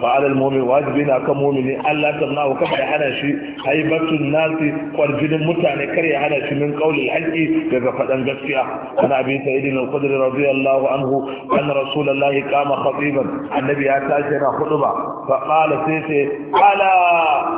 fa alal mu'min wajibi na kan mu'mini Allah tamna wa kafa ya hana shi haibatun nasi kwarjinin mutane kar ya hana shi min qawli haqi daga fadan gaskiya ana abi sa'id al-khudri radiyallahu anhu anna rasulullahi qama khatiban annabi ya tashi na khutba fa qala sai sai ala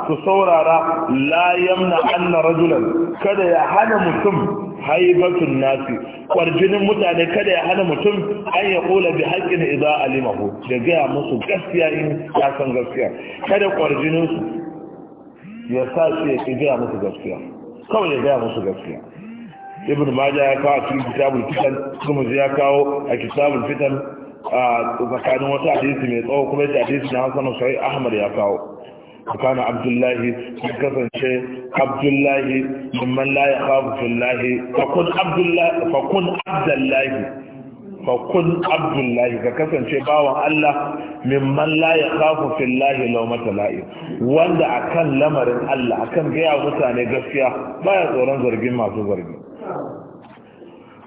ku saurara la yamna anna rajulan kada ya hana mutum haibatun nasi kwarjinin mutane kada ya hana mutum an ya kula bi haƙƙin idza alimahu da gaya musu gaskiya in ya san gaskiya kada kwarjinin su ya sa su ya gaya musu gaskiya kawai ya gaya musu gaskiya ibn majah ya kawo a cikin kitabul fitan kuma ya kawo a kitabul fitan a tsakanin wata hadisi mai tsawo kuma ya hadisi na hasan sai ahmad ya kawo kana abdullahi ya kasance abdullahi mumman la ya khafu fakun abdullahi fakun abdullahi fakun abdullahi ka kasance bawan Allah mimman la ya khafu billahi law matala'i wanda akan lamarin Allah akan gaya mutane gaskiya baya tsoron zargin masu zargi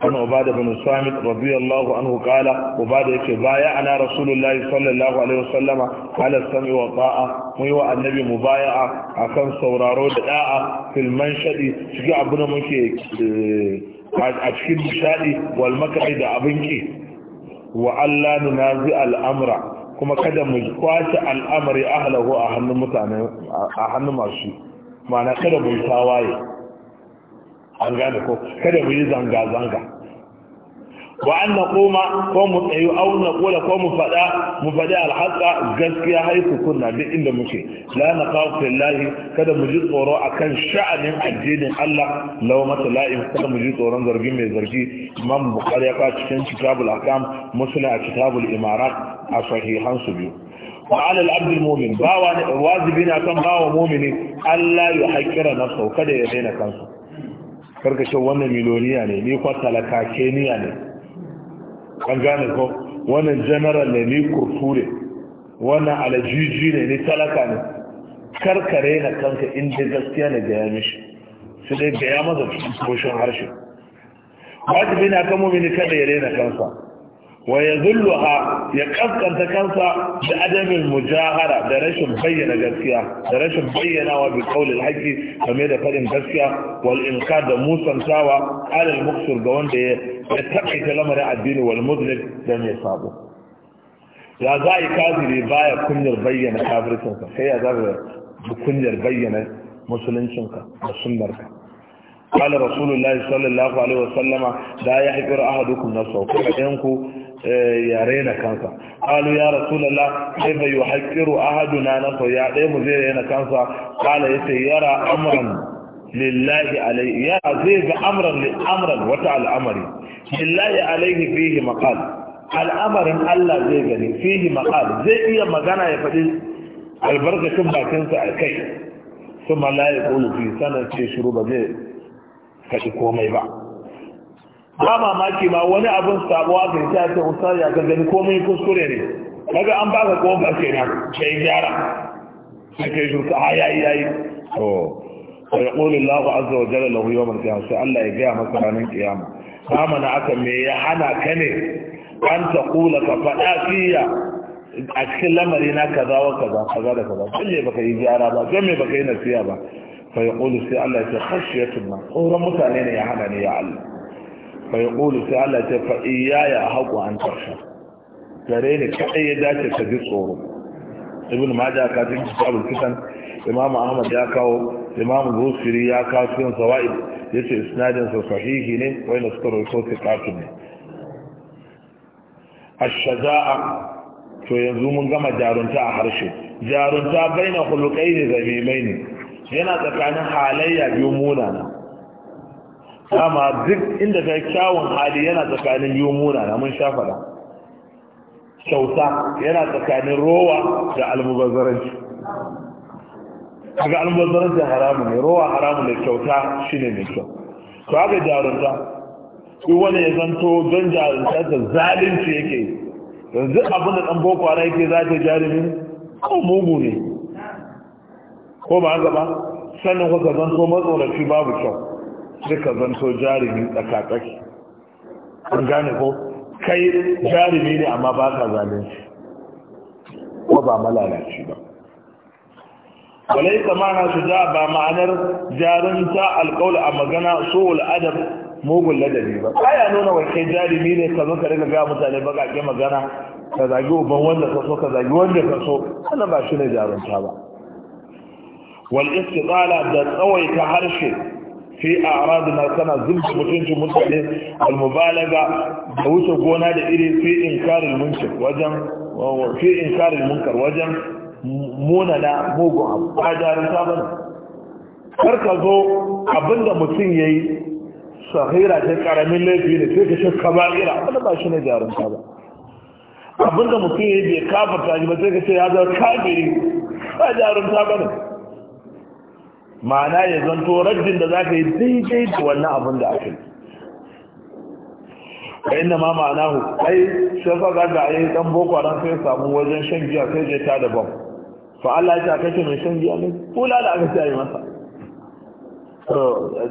kan ubada bin samit radiyallahu anhu kala ubada yake baya ana rasulullahi sallallahu alaihi wasallama ala sami wa ta'a yi wa annabi mubaya'a akan sauraro da da'a fil manshadi shi abu na muke eh, a cikin nishadi wal da abin ki wa Allah nunazi al'amura kuma kada mu kwace al'amari ahlahu a hannun mutane a hannun masu ma'ana kada mu waye. an gane ko kada mu yi zanga-zanga wa an na koma ko mu tsayu au na kola ko mu faɗa mu faɗi alhaƙa gaskiya haiku kunna duk inda muke la na kawo fillahi kada mu ji tsoro akan sha'anin addinin Allah law mata la'im kada mu ji tsoron zargi mai zargi imam bukhari ya kawo cikin kitabul akam muslim a kitabul imarat a sahihan su biyu Abdul mumin وعلى العبد المؤمن باوا واجبنا كان باوا مؤمن الله يحقر kada ya daina kansu. karkashe wannan miloniya ne ni kwa keniya ne an gane ko wannan general ne ni kurtu ne wannan alajiji ne ni talaka ne karkare na kanka inda gaskiya ne gaya mishi su dai gaya masa cikin harshe wajibi na kan mumini kada ya rena kansa wa ya zulluha ya kaskanta kansa da adamin mujahara da rashin bayyana gaskiya da rashin bayyanawa bi kaulil haqqi game da fadin gaskiya wal inka da musantawa alal muksur ga wanda ya taƙaita lamarin addini wal muzlim da mai sabo ya za a yi kafiri baya kunyar bayyana kafircinsa sai ya zaga kunyar bayyana musuluncinka da sunnarka قال رسول الله صلى الله عليه وسلم لا يحقر أحدكم نفسه كل ينكو Eh, yare na kansa qalu ya rasulullah kaifa yuhaqqiru ahaduna nafsa ya dai mu zai yana kansa qala yace yara amran lillahi alayhi ya zai ga amran li amran wata al'amari lillahi alayhi fihi maqal al'amarin Allah zai gani fihi maqal zai iya magana ya faɗi albarkacin bakinsa a kai kuma la ya qulu fi sanan ce shuru ba zai faɗi komai ba ba mamaki ma wani abin sabuwa ga ta ce ustaz ya ga gani komai kuskure ne kaga an baka kofa kenan sai gyara sai ju ka haya yayi to sai yaqulu Allah azza wa jalla lahu yawmal qiyamah Allah ya ga maka ranar kiyama amma na aka me ya hana ka ne an ta kula ka fada a cikin lamari na kaza wa kaza kaza da kaza kulle baka yi gyara ba kai me baka yi nasiya ba fa yaqulu sai Allah ya ce khashiyatun na tsoron mutane ya hana ne ya Allah mai ƙulu sai Allah ta faɗi ya an tarsha gare ne kaɗai ya dace ka ji tsoro ibn majah ka ji kitabul kitan imamu ahmad ya kawo imamu busiri ya kawo cikin sawa'id yace isnadin sa sahihi ne wani suka rawaito sai ne ash-shaja'a to yanzu mun gama jarunta a harshe jarunta baina khuluqaini ne. yana tsakanin halayya biyu munana amma duk inda ta kyawun hali yana tsakanin biyu na mun sha kyauta yana tsakanin rowa da almubazzaranci kaga almubazzaranci haramun ne rowa haramun ne kyauta shine mai kyau to haka jarunta duk wani ya zanto don jarunta ta zalunci yake yi yanzu abin da ɗan kwana yake za ta jarumi ko mugu ne ko ba haka ba sannan kuka zanto matsoraci babu kyau sai ka zanto jarumi tsakatsaki an gane ko kai jarumi ne amma ba ka zalunci ko ba malalaci ba walai tsamana su ja ba ma'anar jarumta alƙawla a magana so adab mugun ladabi ba ya nuna wai kai jarumi ne ka zo ka riga ga mutane baƙaƙe magana ka zagi uban wanda ka so ka zagi wanda ka so ana ba shi ne jarumta ba wal istidala da tsawaita harshe fi na kana zulmi mutuncin mutane almubalaga da wuce gona da iri fi karin munkar wajen fi karin munkar wajen munana mugun abu a jarumta sabon kar ka zo abinda mutum ya yi sahira ta karamin laifi ne sai ka shi ira wadda ba shi ne jarumta ba abinda mutum yi bai ta ji ba sai ka ce ya zama kafiri ba jarumta bane ma'ana ya zanto rajin da za ka yi daidai da wannan abin da aka yi ka inda ma ma'ana hu ai sai faga da ai dan boko ran sai samu wajen shan giya sai je ta da bam fa Allah ya ta kace mai shan giya ne kula da aka yi masa to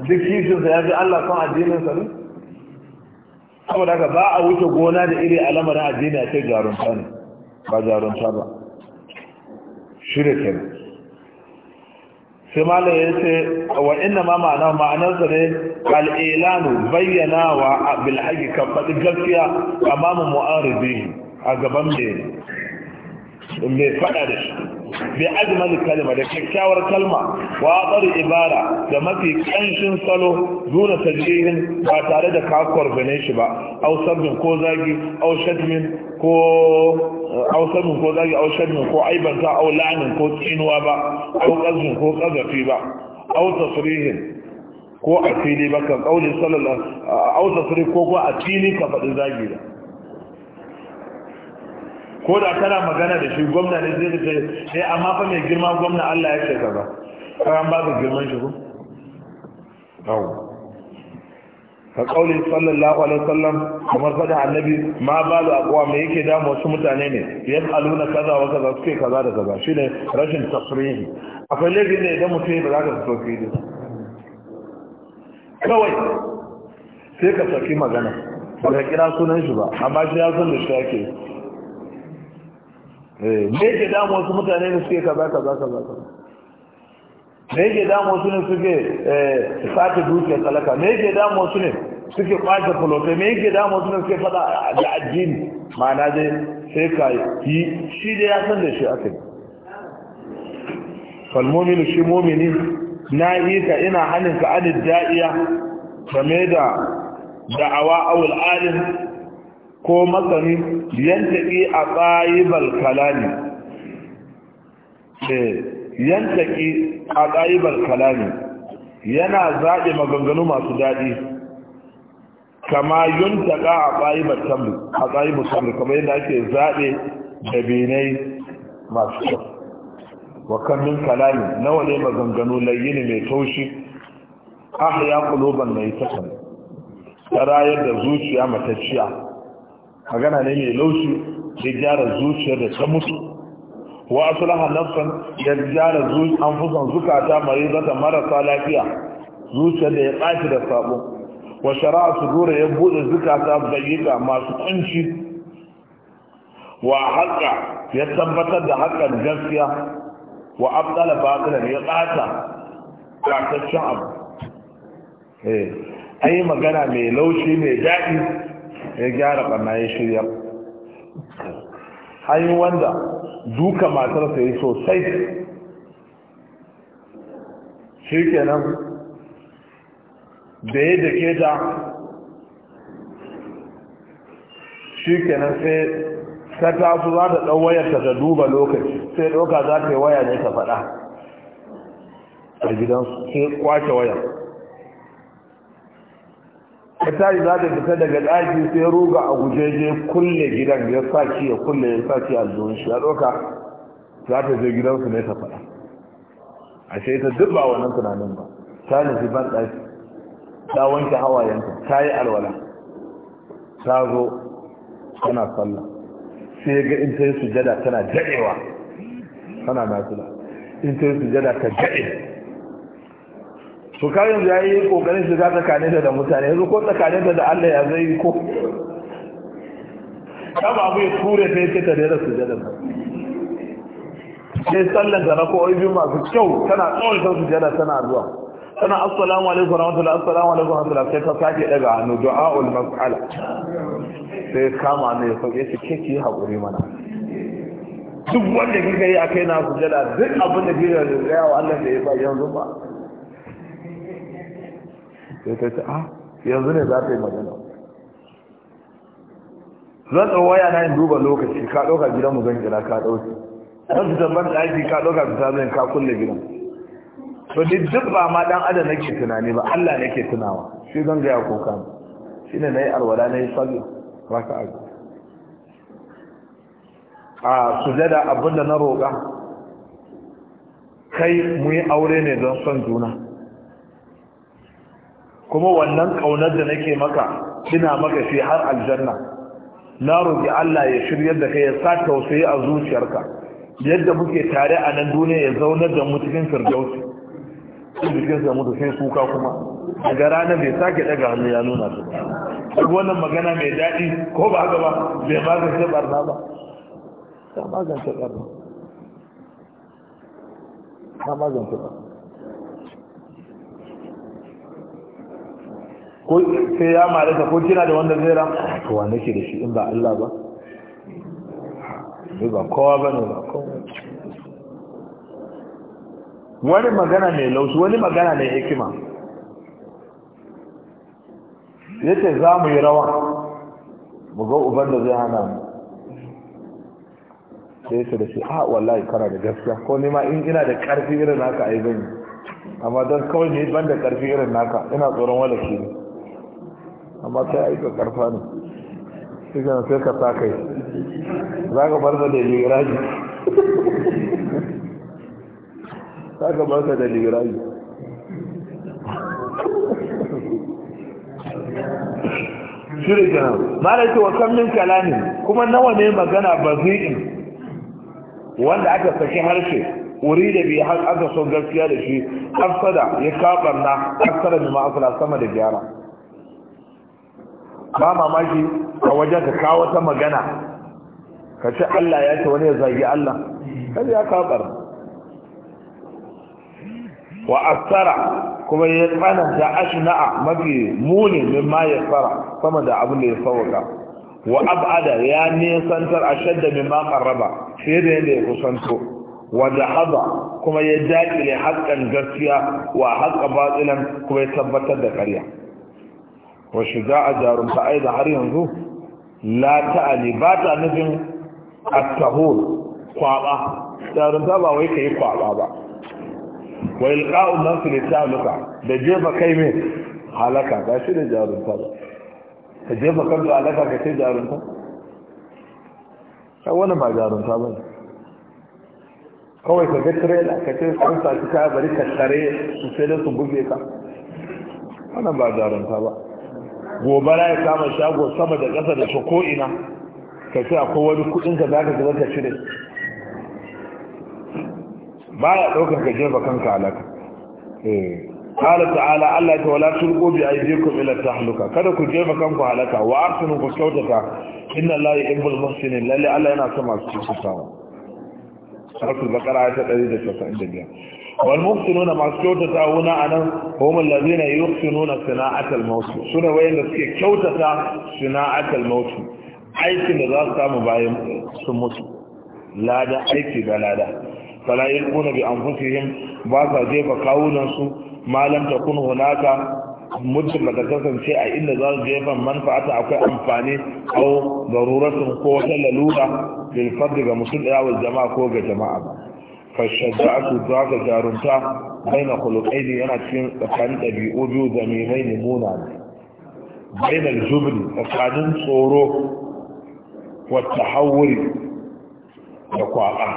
duk kishin sa yaji Allah kan addinin sa ne saboda ka ba a wuce gona da iri al'amarin addini a cikin jarunta ne ba jarunta ba shirya kenan sai malam ya ce wa inna ma ma'ana ma'anar sa ne al'ilanu bayyanawa bil haƙi kan faɗi gaskiya amma mu'aridi a gaban mai me faɗa da shi bi ajmal kalima da kyakkyawar kalma wa ibara da mafi kanshin salo duna tajrihin ba tare da ka bane shi ba aw sabbin ko zagi aw shadmin ko ausanin ko zagi aushanin ko aibanta au lanin ko tsinuwa ba au kazin ko kazafi ba au tasrihin ko a fili ba kan kaulin sallallahu au tasrih ko ko a fili ka faɗi zagi ba ko da kana magana da shi gwamna ne zai ce sai eh, amma fa mai girma gwamna Allah ya ce ba karan ba girman shi ko ka kauli sallallahu alaihi wasallam kamar fada annabi ma balu aqwa me yake da wasu mutane ne yas'aluna kaza wa kaza suke kaza da kaza shine rashin tasrihi akwai laifi ne idan mutum ya za ka so fili kawai sai ka saki magana ba ka kira sunan shi ba amma shi ya san da shi yake eh me yake da wasu mutane ne suke kaza kaza kaza me yake damu su ne suke eh, sake dukiyar talaka me yake damu su ne suke kwace kulotai me yake damu su ne suke fada da ajin ma'ana dai sai ka yi shi dai ya san da shi aka yi falmominu shi momini na yi ka ina hannun ka adin da'iya game da da'awa awul alin ko masani yanta a tsayibar kalani. Eh, yantaki a ɗa'ibar kalami yana zaɓe maganganu masu daɗi kama yuntaka a ƙa'ibar tambu a ƙa'ibar tambu kamar yadda ake zaɗe da benai masu kyau wa kamin kalami nawa ne maganganu layyini mai taushi ahya quluban mai takan tarayar da zuciya matacciya magana ne mai laushi ya gyara zuciyar da ta mutu wa aslaha nafsan ya gyara anfusan zukata marizata marasa lafiya zuciya da ya tsaki da sabo wa shara'a sudura ya bude zukata bayyika masu kunci wa haƙa ya tabbatar da haƙan gaskiya wa abdala batilan ya tsata tsataccen abu eh ayi magana mai laushi mai daɗi ya gyara ɓarna ya shirya an wanda duka matarsa yi sosai shi nan, da ya dake ta shi nan sai ta tasu za ta ɗau wayarta ta duba lokaci sai ɗauka za ta yi waya ne ta faɗa a gidansu sai kwace wayar ka tari za ta fita daga ɗaki sai ruga a gujeje kulle gidan ya sa ya kulle ya sa a zuwan shi ya ɗauka za ta je gidansu ne ta faɗa ashe ta duk ba wannan tunanin ba ta nufi ban ɗaki ta wanke hawayenta ta yi alwala ta zo tana sallah sai ga in ta yi sujada tana daɗewa tana nasila in ta yi sujada ta daɗe to ka ya yi kokarin shiga tsakaninta da mutane yanzu ko tsakaninta da Allah ya zai ko kama abu ya ture ta yake ta daina su jada sai sallan da na ko oibi masu kyau tana tsawon ta su jada tana zuwa tana assalamu alaikum rahmatullah assalamu alaikum rahmatullah sai ta sake daga hannu du'a'ul mas'ala sai kama ne ya sauke shi ke ki haƙuri mana duk wanda kika yi a kai na su jada duk abin da kika yi wa Allah da ya ba yanzu ba sai ta ce ah yanzu ne za ta yi magana zan ɗau waya na yin duba lokaci ka ɗauka gidan mu zan gina ka ɗauki zan fita ban ɗaki ka ɗauka fita zan ka kulle gidan to duk ba ma dan adam nake tunani ba Allah nake tunawa shi zan ga ya kuka na nayi alwala nayi sallah raka'a a jada abinda na roƙa kai mu yi aure ne don son juna kuma wannan kaunar da nake maka ina maka shi har aljanna na roƙi Allah ya shiryar da kai ya sa tausayi a zuciyarka yadda muke tare a nan duniya ya zauna da mu cikin firdausi cikin sa mutu sai kuka kuma daga ranar bai sake daga hannu ya nuna su duk wannan magana mai daɗi ko ba haka ba bai magance barna ba ta magance barna ta magance barna ko sai ya mare ko kina da wanda zai ra to wa nake da shi in ba Allah ba ne ba kowa ba ne ba kowa wani magana ne lausu wani magana ne hikima yace za mu yi rawa mu ga uban da zai hana mu sai su da shi a wallahi kana da gaskiya ko nema in ina da karfi irin naka a yi zan yi amma don kawai ne ban da karfi irin naka ina tsoron wala shi ne amma yi aika karfa ne shi na sai ka sa kai za ka bar da ligiraji za ka bar da ligiraji shirin ma da ce wa kammin kalami kuma nawa ne magana ba zai wanda aka saki harshe wuri da biyu har aka son gaskiya da shi sada ya kaɓar na aksara jima'a sama da gyara ba mamaki a wajen ka kawo ta magana ka ce Allah ya ce wani ya zagi Allah kan ya kabar wa asara kuma ya tsananta ashna'a mafi muni min ma ya tsara sama da abin da ya sauka wa ab'ada ya nisantar ashadda min ma qarraba fiye da yadda ya kusanto wa dahaba kuma ya ne haƙƙan gaskiya wa haƙƙa batilan kuma ya tabbatar da ƙarya wa shuja'a jarumta aida har yanzu la ta'ali ba ta nufin at-tahur kwaba jarumta ba wai kai kwaba ba wa ilqa'u su ne li ta'luka da jefa kai me halaka ga shi da jarumta ba ka jefa da halaka ka ce jarumta kai wani ba jarumta ba kawai ka ga tirela ka ce sun sa shi ka bari ka tare su sai da su buge ka wannan ba jarumta ba gobara ya kama shago sama da ƙasa da shi ko'ina ka ce akwai wani kuɗinka za ka zama ka cire ba ya ɗaukar ka jefa kanka alaka قال تعالى الله تعالى تلقوا بأيديكم ta haluka kada ku jefa kanku halaka wa arsinu ku kyautata inna Allah yuhibbul ne lalle Allah yana sama masu kyautatawa suratul wal muhsinuna masu kyautata wuna anan humul ladina yuhsinuna sana'atal maut sune wayanda suke kyautata sana'atal maut aikin da za su samu bayan sun mutu lada aiki da lada fala yaquna bi anfusihim ba sa jefa kawunan su malam takun hunaka muddin ba ta kasance a inda za su jefa manfa'ata akwai amfani ko garuratun ko wata lalura bil fardi ga mutum da jama'a ko ga jama'a ba fashaja'atu za ka jarunta baina khuluqaini yana cikin tsakanin ɗabi'u biyu da mai ne muna ne baina tsakanin tsoro wata hauri da kwaɓa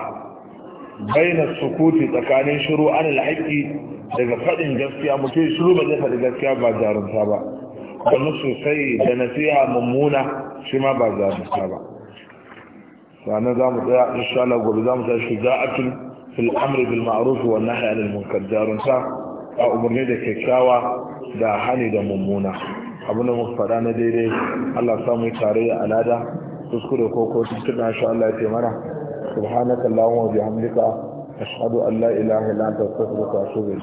baina sukuti tsakanin shiru an alhaƙi daga faɗin gaskiya mutum shiru ba zai faɗi gaskiya ba jarunta ba wani sosai da nasiha mummuna shi ma ba jarunta ba sannan za mu tsaya insha Allah gobe za mu tsaya shuja'atul fil amri bil ma'ruf wa nahyi anil munkar jarunta a umarni da kyakkyawa da hani da mummuna abin da muka faɗa na daidai Allah samu tare a alada kuskure ko ko tuntuna shi Allah ya taimara subhanaka allahumma wa bihamdika ashhadu an la ilaha illa anta astaghfiruka wa atubu